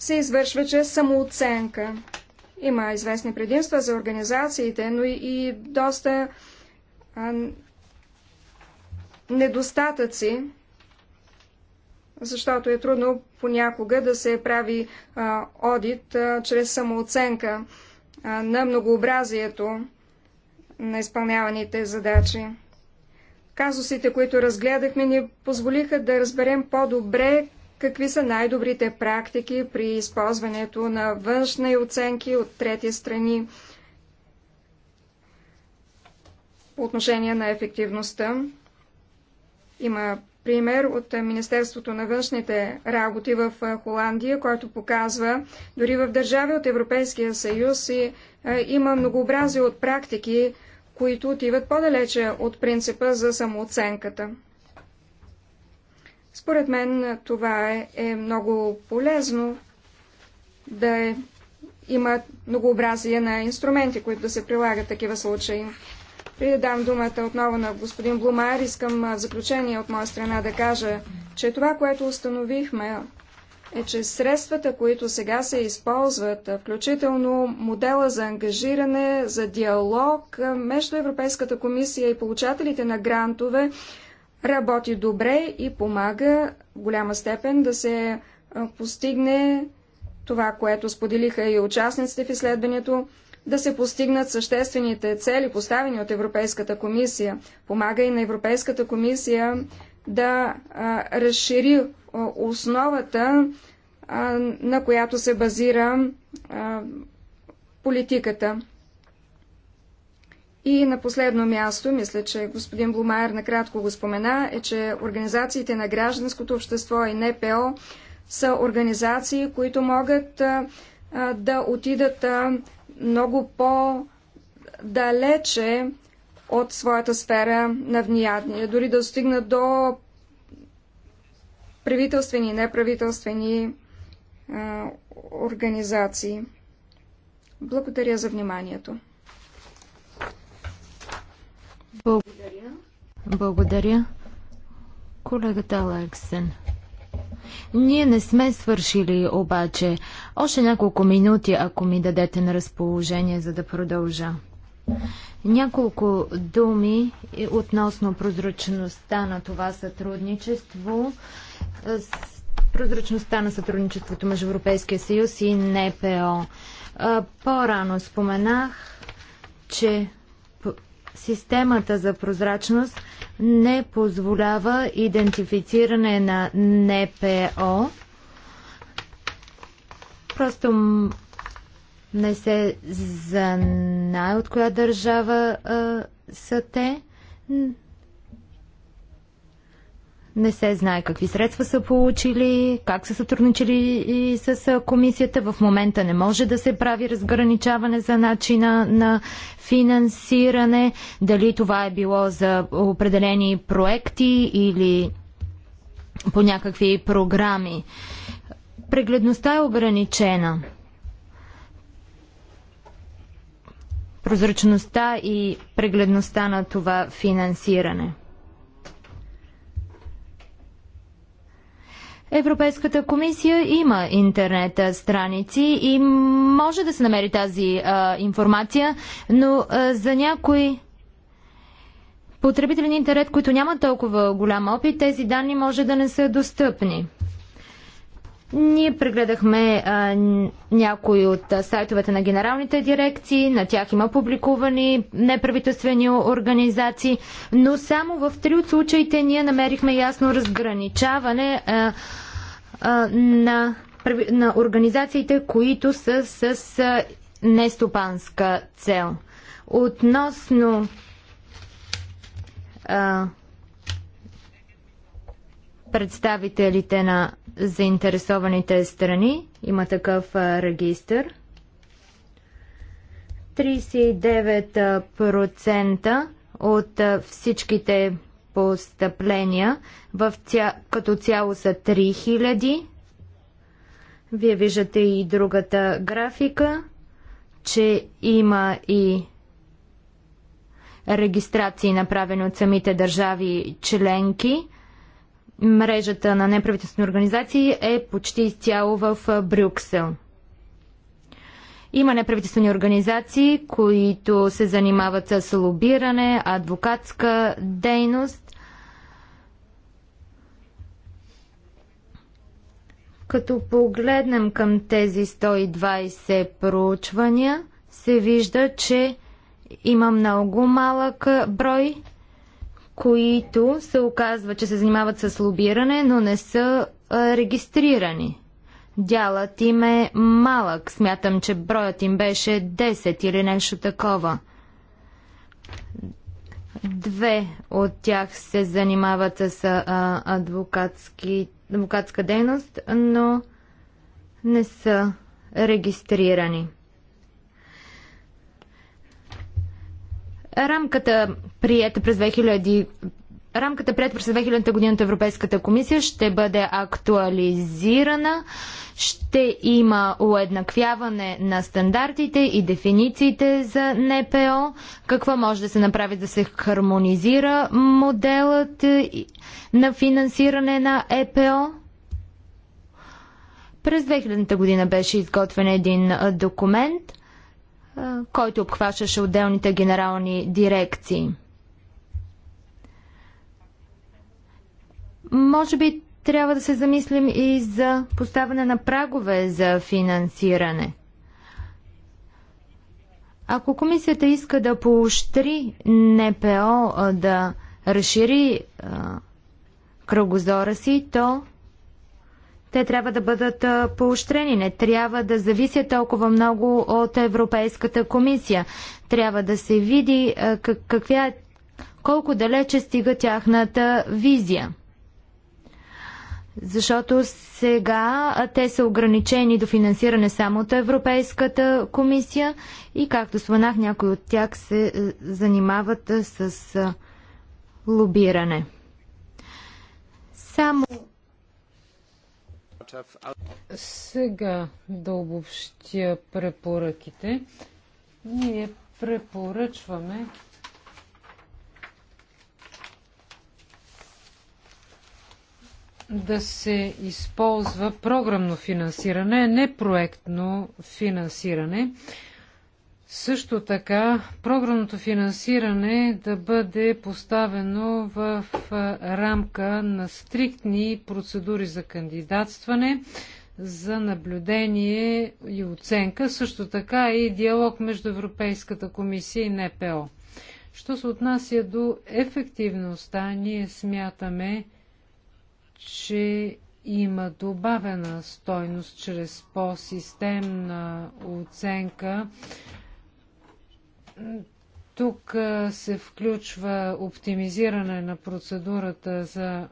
се извършва чрез самооценка. Има известни предимства за организациите, но и доста а, недостатъци, защото е трудно понякога да се прави а, одит а, чрез самооценка а, на многообразието на изпълняваните задачи. Казусите, които разгледахме, ни позволиха да разберем по-добре какви са най-добрите практики при използването на външни оценки от трети страни по отношение на ефективността. Има пример от Министерството на външните работи в Холандия, който показва дори в държави от Европейския съюз и, има многообразие от практики, които отиват по-далече от принципа за самооценката. Според мен това е, е много полезно да е, има многообразие на инструменти, които да се прилагат такива случаи. Преди дам думата отново на господин Блумар, искам в заключение от моя страна да кажа, че това, което установихме, е, че средствата, които сега се използват, включително модела за ангажиране, за диалог между Европейската комисия и получателите на грантове, работи добре и помага в голяма степен да се постигне това, което споделиха и участниците в изследването, да се постигнат съществените цели, поставени от Европейската комисия. Помага и на Европейската комисия да а, разшири а, основата, а, на която се базира политиката. И на последно място, мисля, че господин Блумайер накратко го спомена, е, че организациите на гражданското общество и НПО са организации, които могат а, да отидат а, много по-далече от своята сфера на внияние, дори да достигнат до правителствени и неправителствени а, организации. Благодаря за вниманието. Благодаря. Благодаря. Колегата Алексен. Ние не сме свършили обаче. Още няколко минути, ако ми дадете на разположение, за да продължа. Няколко думи относно прозрачността на това сътрудничество. Прозрачността на сътрудничеството между Европейския съюз и НПО. По-рано споменах, че Системата за прозрачност не позволява идентифициране на НПО. Просто не се знае от коя държава а, са те. Не се знае какви средства са получили, как са сътрудничили и с комисията. В момента не може да се прави разграничаване за начина на финансиране, дали това е било за определени проекти или по някакви програми. Прегледността е ограничена. Прозрачността и прегледността на това финансиране. Европейската комисия има интернет страници и може да се намери тази а, информация, но а, за някои потребители на интернет, които нямат толкова голям опит, тези данни може да не са достъпни. Ние прегледахме а, някои от сайтовете на генералните дирекции, на тях има публикувани неправителствени организации, но само в три от случаите ние намерихме ясно разграничаване а, а, на, на организациите, които са с а, нестопанска цел. Относно а, представителите на заинтересованите страни. Има такъв регистр. 39% от всичките постъпления в ця... като цяло са 3000. Вие виждате и другата графика, че има и регистрации направени от самите държави членки мрежата на неправителствени организации е почти изцяло в Брюксел. Има неправителствени организации, които се занимават с лобиране, адвокатска дейност. Като погледнем към тези 120 проучвания, се вижда, че има много малък брой които се оказва, че се занимават с лобиране, но не са регистрирани. Дялът им е малък. Смятам, че броят им беше 10 или нещо такова. Две от тях се занимават с адвокатски, адвокатска дейност, но не са регистрирани. Рамката, прията през 2000 Рамката пред през 2000 година от Европейската комисия ще бъде актуализирана, ще има уеднаквяване на стандартите и дефинициите за НПО, какво може да се направи да се хармонизира моделът на финансиране на ЕПО. През 2000 година беше изготвен един документ – който обхващаше отделните генерални дирекции. Може би трябва да се замислим и за поставяне на прагове за финансиране. Ако комисията иска да поощри НПО да разшири а, кръгозора си, то те трябва да бъдат поощрени, не трябва да зависят толкова много от Европейската комисия. Трябва да се види каква е, колко далече стига тяхната визия. Защото сега те са ограничени до финансиране само от Европейската комисия и, както споменах, някои от тях се занимават с лобиране. Само сега да обобщя препоръките. Ние препоръчваме да се използва програмно финансиране, не проектно финансиране. Също така, програмното финансиране да бъде поставено в рамка на стриктни процедури за кандидатстване, за наблюдение и оценка, също така и диалог между Европейската комисия и НПО. Що се отнася до ефективността, ние смятаме, че има добавена стойност чрез по-системна оценка тук се включва оптимизиране на процедурата за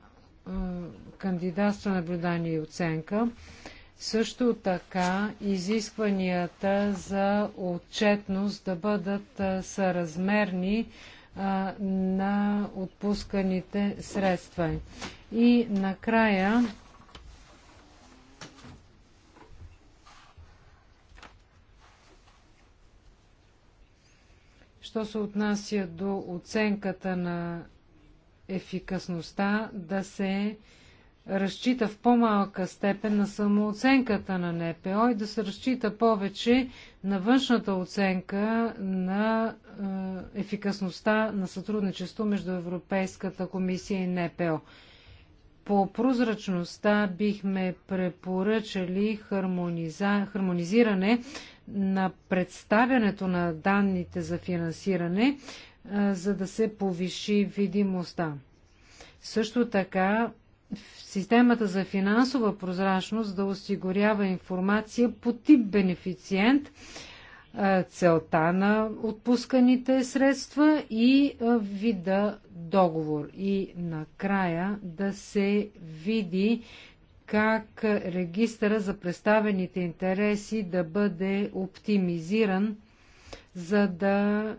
кандидатство, наблюдание и оценка. Също така изискванията за отчетност да бъдат съразмерни на отпусканите средства. И накрая Що се отнася до оценката на ефикасността, да се разчита в по-малка степен на самооценката на НПО и да се разчита повече на външната оценка на е, ефикасността на сътрудничество между Европейската комисия и НПО. По прозрачността бихме препоръчали хармониза... хармонизиране на представянето на данните за финансиране, за да се повиши видимостта. Също така, системата за финансова прозрачност да осигурява информация по тип бенефициент, целта на отпусканите средства и вида договор. И накрая да се види как регистъра за представените интереси да бъде оптимизиран, за да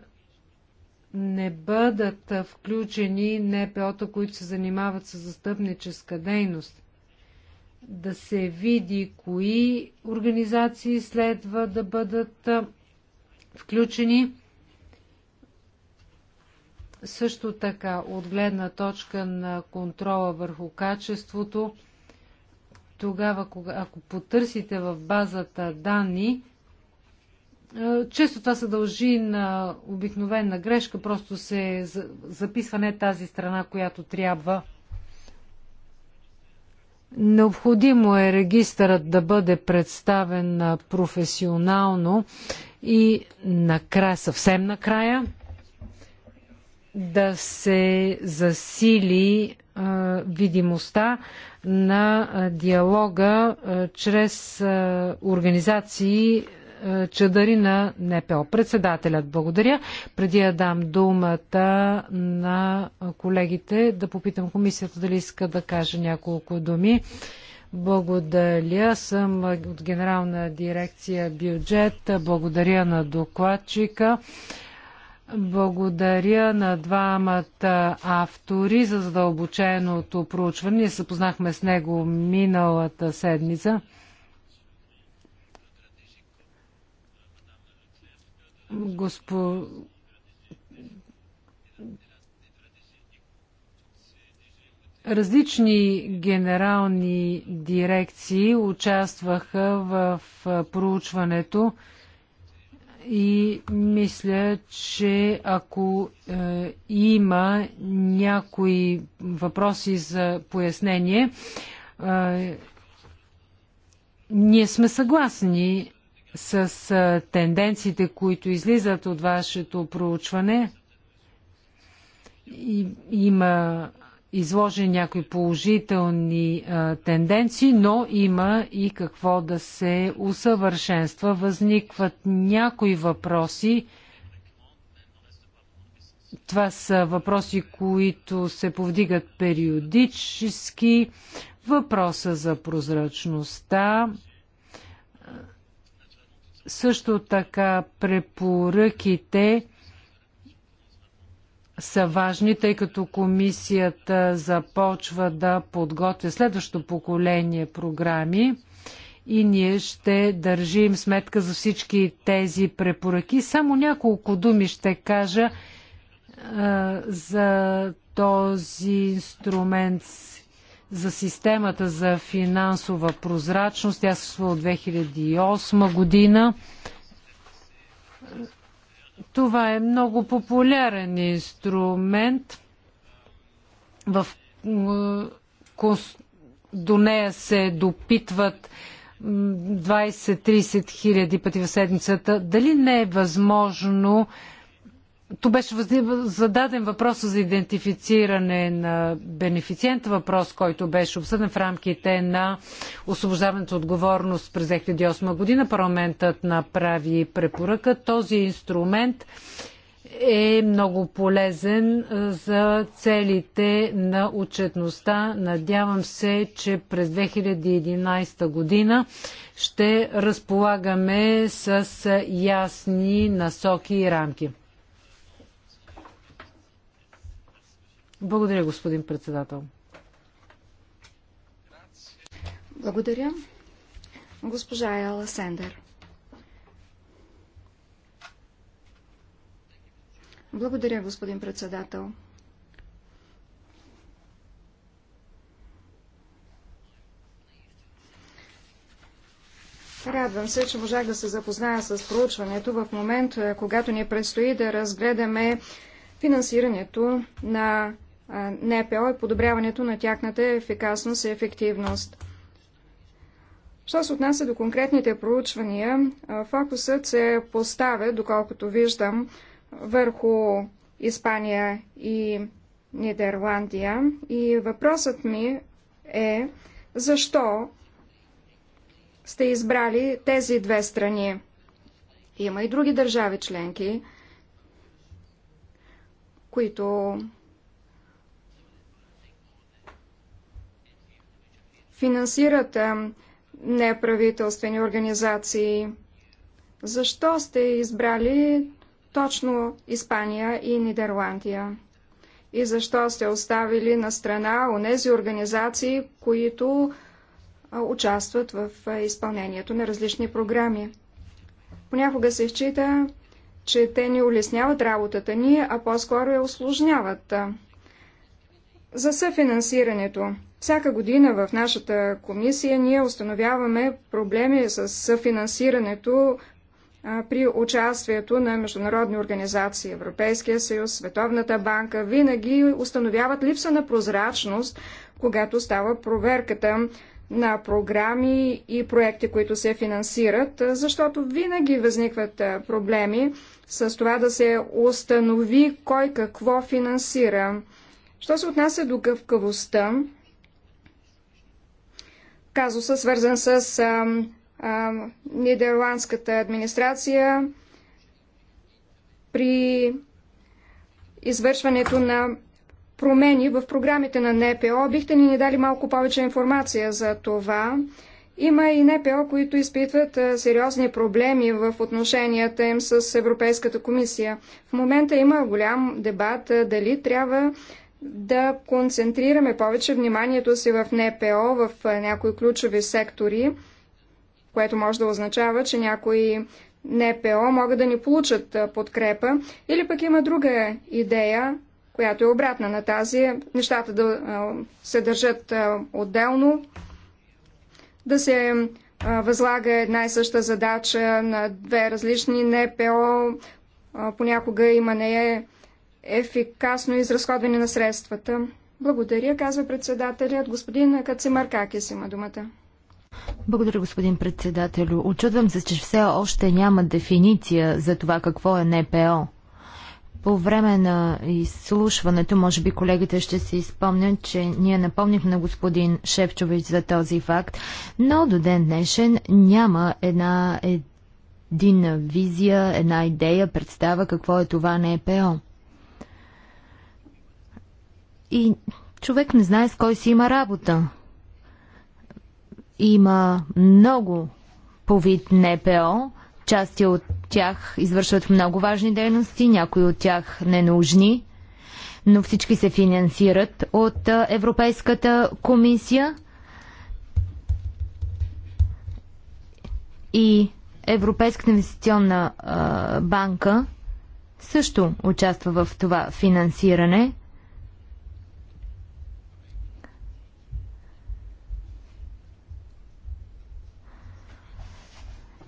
не бъдат включени НПО-та, които се занимават с застъпническа дейност. Да се види кои организации следва да бъдат включени. Също така, от гледна точка на контрола върху качеството, тогава, кога, ако потърсите в базата данни, е, често това се дължи на обикновена грешка, просто се записва не тази страна, която трябва. Необходимо е регистърът да бъде представен професионално и накрая, съвсем накрая, да се засили видимостта на диалога чрез организации чадари на НПО. Председателят благодаря. Преди да дам думата на колегите, да попитам комисията дали иска да каже няколко думи. Благодаря. Съм от Генерална дирекция бюджет. Благодаря на докладчика. Благодаря на двамата автори за задълбоченото проучване. Ние се познахме с него миналата седмица. Госпо... Различни генерални дирекции участваха в проучването и мисля, че ако е, има някои въпроси за пояснение, е, ние сме съгласни с е, тенденциите, които излизат от вашето проучване. И, има изложи някои положителни а, тенденции, но има и какво да се усъвършенства. Възникват някои въпроси. Това са въпроси, които се повдигат периодически. Въпроса за прозрачността. Също така препоръките са важни, тъй като комисията започва да подготвя следващото поколение програми и ние ще държим сметка за всички тези препоръки. Само няколко думи ще кажа а, за този инструмент за системата за финансова прозрачност. Тя се от 2008 година това е много популярен инструмент. В, до нея се допитват 20-30 хиляди пъти в седмицата. Дали не е възможно то беше зададен въпрос за идентифициране на бенефициента, въпрос, който беше обсъден в рамките на освобождаването отговорност през 2008 година. Парламентът направи препоръка. Този инструмент е много полезен за целите на отчетността. Надявам се, че през 2011 година ще разполагаме с ясни насоки и рамки. Благодаря, господин председател. Благодаря. Госпожа Ела Сендер. Благодаря, господин председател. Радвам се, че можах да се запозная с проучването в момент, е, когато ни предстои да разгледаме финансирането на НПО и подобряването на тяхната ефикасност и ефективност. Що се отнася до конкретните проучвания, фокусът се поставя, доколкото виждам, върху Испания и Нидерландия. И въпросът ми е защо сте избрали тези две страни. Има и други държави членки, които финансират неправителствени организации. Защо сте избрали точно Испания и Нидерландия? И защо сте оставили на страна нези организации, които участват в изпълнението на различни програми? Понякога се счита, че те ни улесняват работата ни, а по-скоро я осложняват. За съфинансирането. Всяка година в нашата комисия ние установяваме проблеми с финансирането при участието на международни организации, Европейския съюз, Световната банка, винаги установяват липса на прозрачност, когато става проверката на програми и проекти, които се финансират, защото винаги възникват проблеми с това да се установи кой какво финансира. Що се отнася до гъвкавостта, казуса, свързан с а, а, нидерландската администрация при извършването на промени в програмите на НПО. Бихте ни, ни дали малко повече информация за това. Има и НПО, които изпитват сериозни проблеми в отношенията им с Европейската комисия. В момента има голям дебат дали трябва да концентрираме повече вниманието си в НПО, в някои ключови сектори, което може да означава, че някои НПО могат да ни получат подкрепа. Или пък има друга идея, която е обратна на тази, нещата да се държат отделно, да се възлага една и съща задача на две различни НПО, понякога има не е ефикасно изразходване на средствата. Благодаря, казва председателят. Господин Кацимаркакис има думата. Благодаря, господин председателю. Очудвам се, че все още няма дефиниция за това какво е НПО. По време на изслушването, може би колегите ще се изпомнят, че ние напомнихме на господин Шепчович за този факт, но до ден днешен няма една единна визия, една идея, представа какво е това НПО. И човек не знае с кой си има работа. Има много по вид НПО. Части от тях извършват много важни дейности, някои от тях ненужни, но всички се финансират от Европейската комисия. И Европейската инвестиционна банка също участва в това финансиране.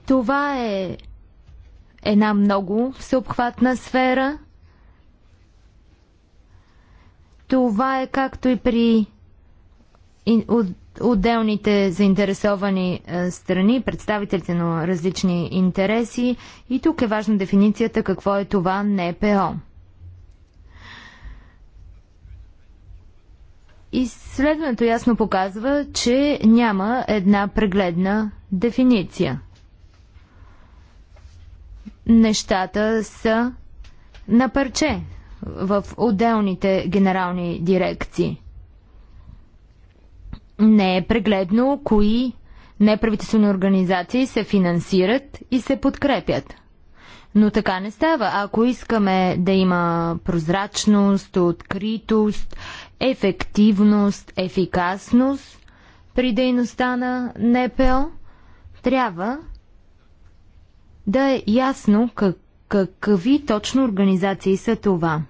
Това е една много всеобхватна сфера. Това е както и при отделните заинтересовани е, страни, представителите на различни интереси. И тук е важна дефиницията какво е това НПО. Изследването ясно показва, че няма една прегледна дефиниция нещата са на парче в отделните генерални дирекции. Не е прегледно кои неправителствени организации се финансират и се подкрепят. Но така не става. Ако искаме да има прозрачност, откритост, ефективност, ефикасност при дейността на НПО, трябва да е ясно как, какви точно организации са това.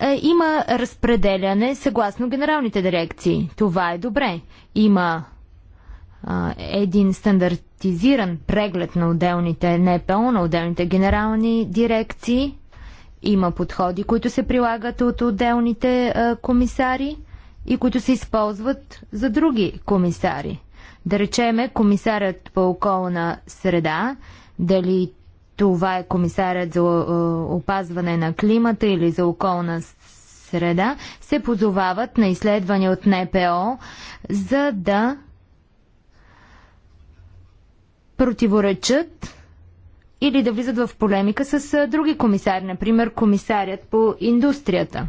Е, има разпределяне съгласно генералните дирекции. Това е добре. Има а, един стандартизиран преглед на отделните НПО, на отделните генерални дирекции. Има подходи, които се прилагат от отделните а, комисари и които се използват за други комисари. Да речеме комисарят по околна среда, дали това е комисарят за е, опазване на климата или за околна среда, се позовават на изследвания от НПО, за да противоречат или да влизат в полемика с е, други комисари, например комисарят по индустрията.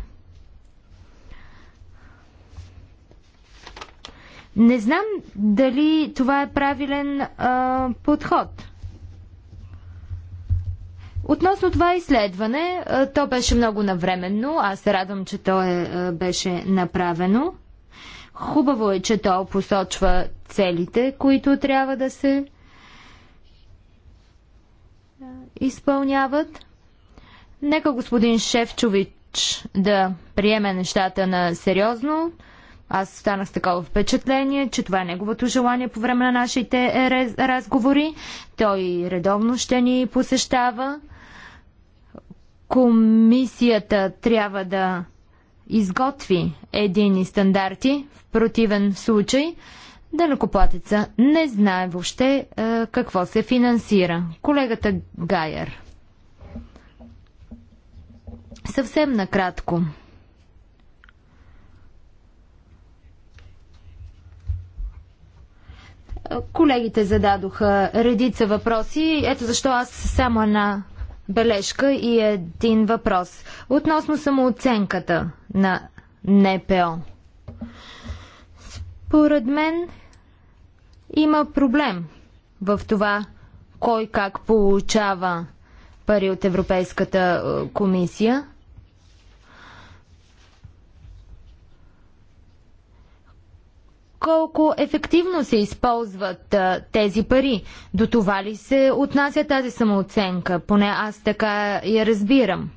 Не знам дали това е правилен а, подход. Относно това изследване, а, то беше много навременно. Аз се радвам, че то е, а, беше направено. Хубаво е, че то посочва целите, които трябва да се изпълняват. Нека господин Шефчович да приеме нещата на сериозно. Аз станах с такова впечатление, че това е неговото желание по време на нашите разговори. Той редовно ще ни посещава. Комисията трябва да изготви едини стандарти. В противен случай Дънакоплатеца не знае въобще е, какво се финансира. Колегата Гайер. Съвсем накратко. Колегите зададоха редица въпроси. Ето защо аз само една бележка и един въпрос. Относно самооценката на НПО. Според мен има проблем в това кой как получава пари от Европейската е, комисия. колко ефективно се използват а, тези пари. До това ли се отнася тази самооценка? Поне аз така я разбирам.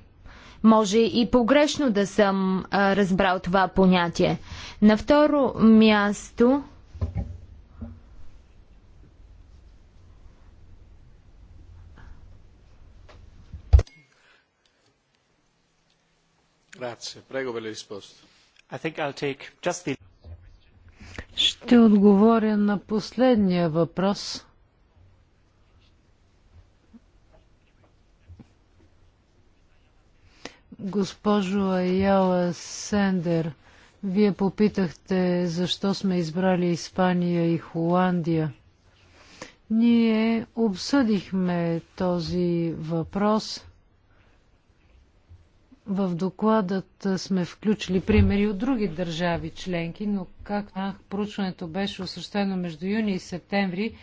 Може и погрешно да съм а, разбрал това понятие. На второ място. Grazie, prego per le risposte. I think I'll take just the ще отговоря на последния въпрос. Госпожо Аяла Сендер, вие попитахте защо сме избрали Испания и Холандия. Ние обсъдихме този въпрос – в докладът сме включили примери от други държави членки, но както проучването беше осъщено между юни и септември,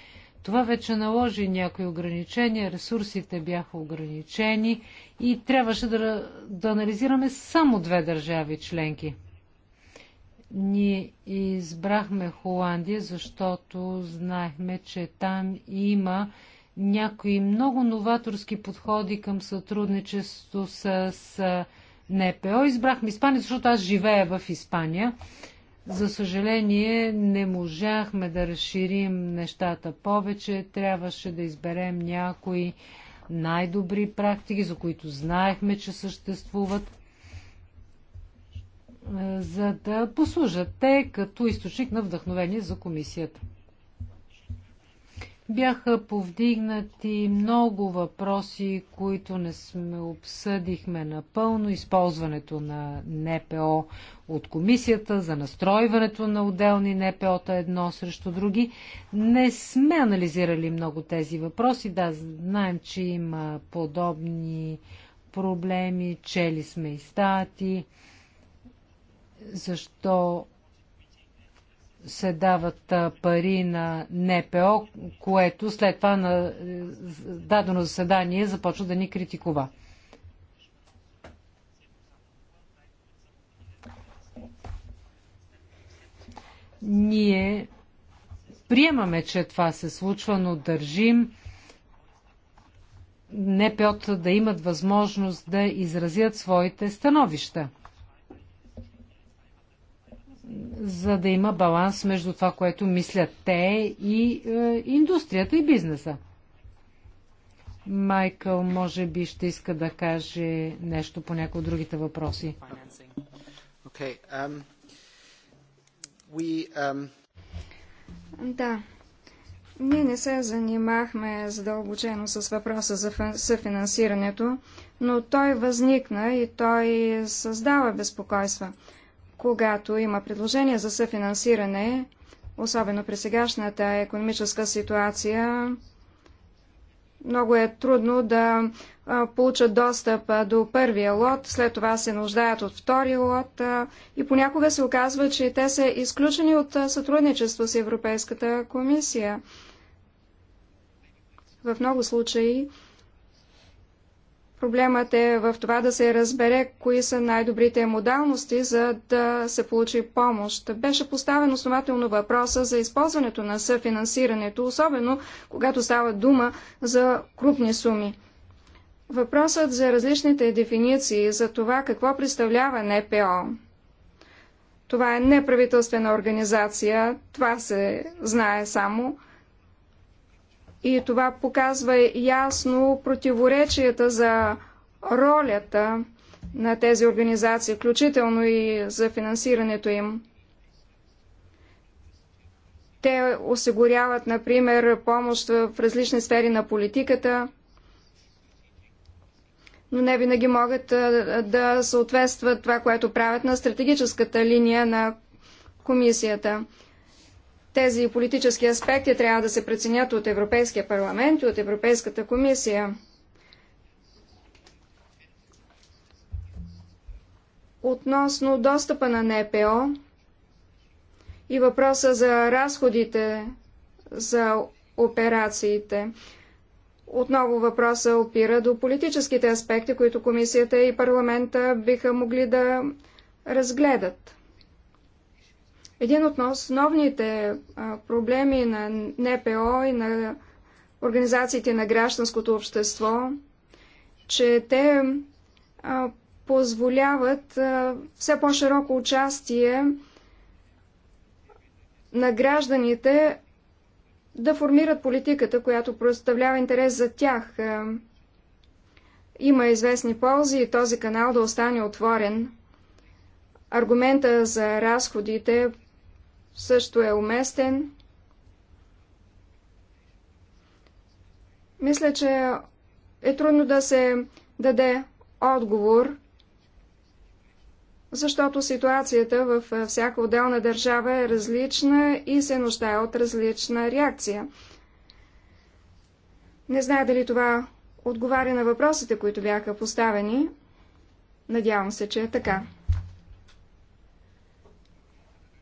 това вече наложи някои ограничения, ресурсите бяха ограничени и трябваше да, да анализираме само две държави членки. Ние избрахме Холандия, защото знаехме, че там има някои много новаторски подходи към сътрудничество с, с НПО. Избрахме Испания, защото аз живея в Испания. За съжаление, не можахме да разширим нещата повече. Трябваше да изберем някои най-добри практики, за които знаехме, че съществуват, за да послужат те като източник на вдъхновение за комисията. Бяха повдигнати много въпроси, които не сме обсъдихме напълно. Използването на НПО от комисията за настройването на отделни НПО-та едно срещу други. Не сме анализирали много тези въпроси. Да, знаем, че има подобни проблеми, чели сме и стати. Защо се дават пари на НПО, което след това на дадено заседание започва да ни критикува. Ние приемаме, че това се случва, но държим НПО да имат възможност да изразят своите становища за да има баланс между това, което мислят те и е, индустрията и бизнеса. Майкъл, може би ще иска да каже нещо по някои от другите въпроси. Okay, um, we, um... Да. Ние не се занимахме задълбочено с въпроса за съфинансирането, но той възникна и той създава безпокойства когато има предложение за съфинансиране, особено при сегашната економическа ситуация, много е трудно да получат достъп до първия лот, след това се нуждаят от втория лот и понякога се оказва, че те са изключени от сътрудничество с Европейската комисия. В много случаи Проблемът е в това да се разбере кои са най-добрите модалности, за да се получи помощ. Беше поставен основателно въпроса за използването на съфинансирането, особено когато става дума за крупни суми. Въпросът за различните дефиниции за това какво представлява НПО. Това е неправителствена организация, това се знае само – и това показва ясно противоречията за ролята на тези организации, включително и за финансирането им. Те осигуряват, например, помощ в различни сфери на политиката, но не винаги могат да съответстват това, което правят на стратегическата линия на комисията. Тези политически аспекти трябва да се преценят от Европейския парламент и от Европейската комисия. Относно достъпа на НПО и въпроса за разходите за операциите. Отново въпроса опира до политическите аспекти, които комисията и парламента биха могли да разгледат. Един от основните проблеми на НПО и на организациите на гражданското общество, че те позволяват все по-широко участие на гражданите да формират политиката, която представлява интерес за тях. Има известни ползи и този канал да остане отворен. Аргумента за разходите също е уместен. Мисля, че е трудно да се даде отговор, защото ситуацията във всяка отделна държава е различна и се нуждае от различна реакция. Не знае дали това отговаря на въпросите, които бяха поставени. Надявам се, че е така.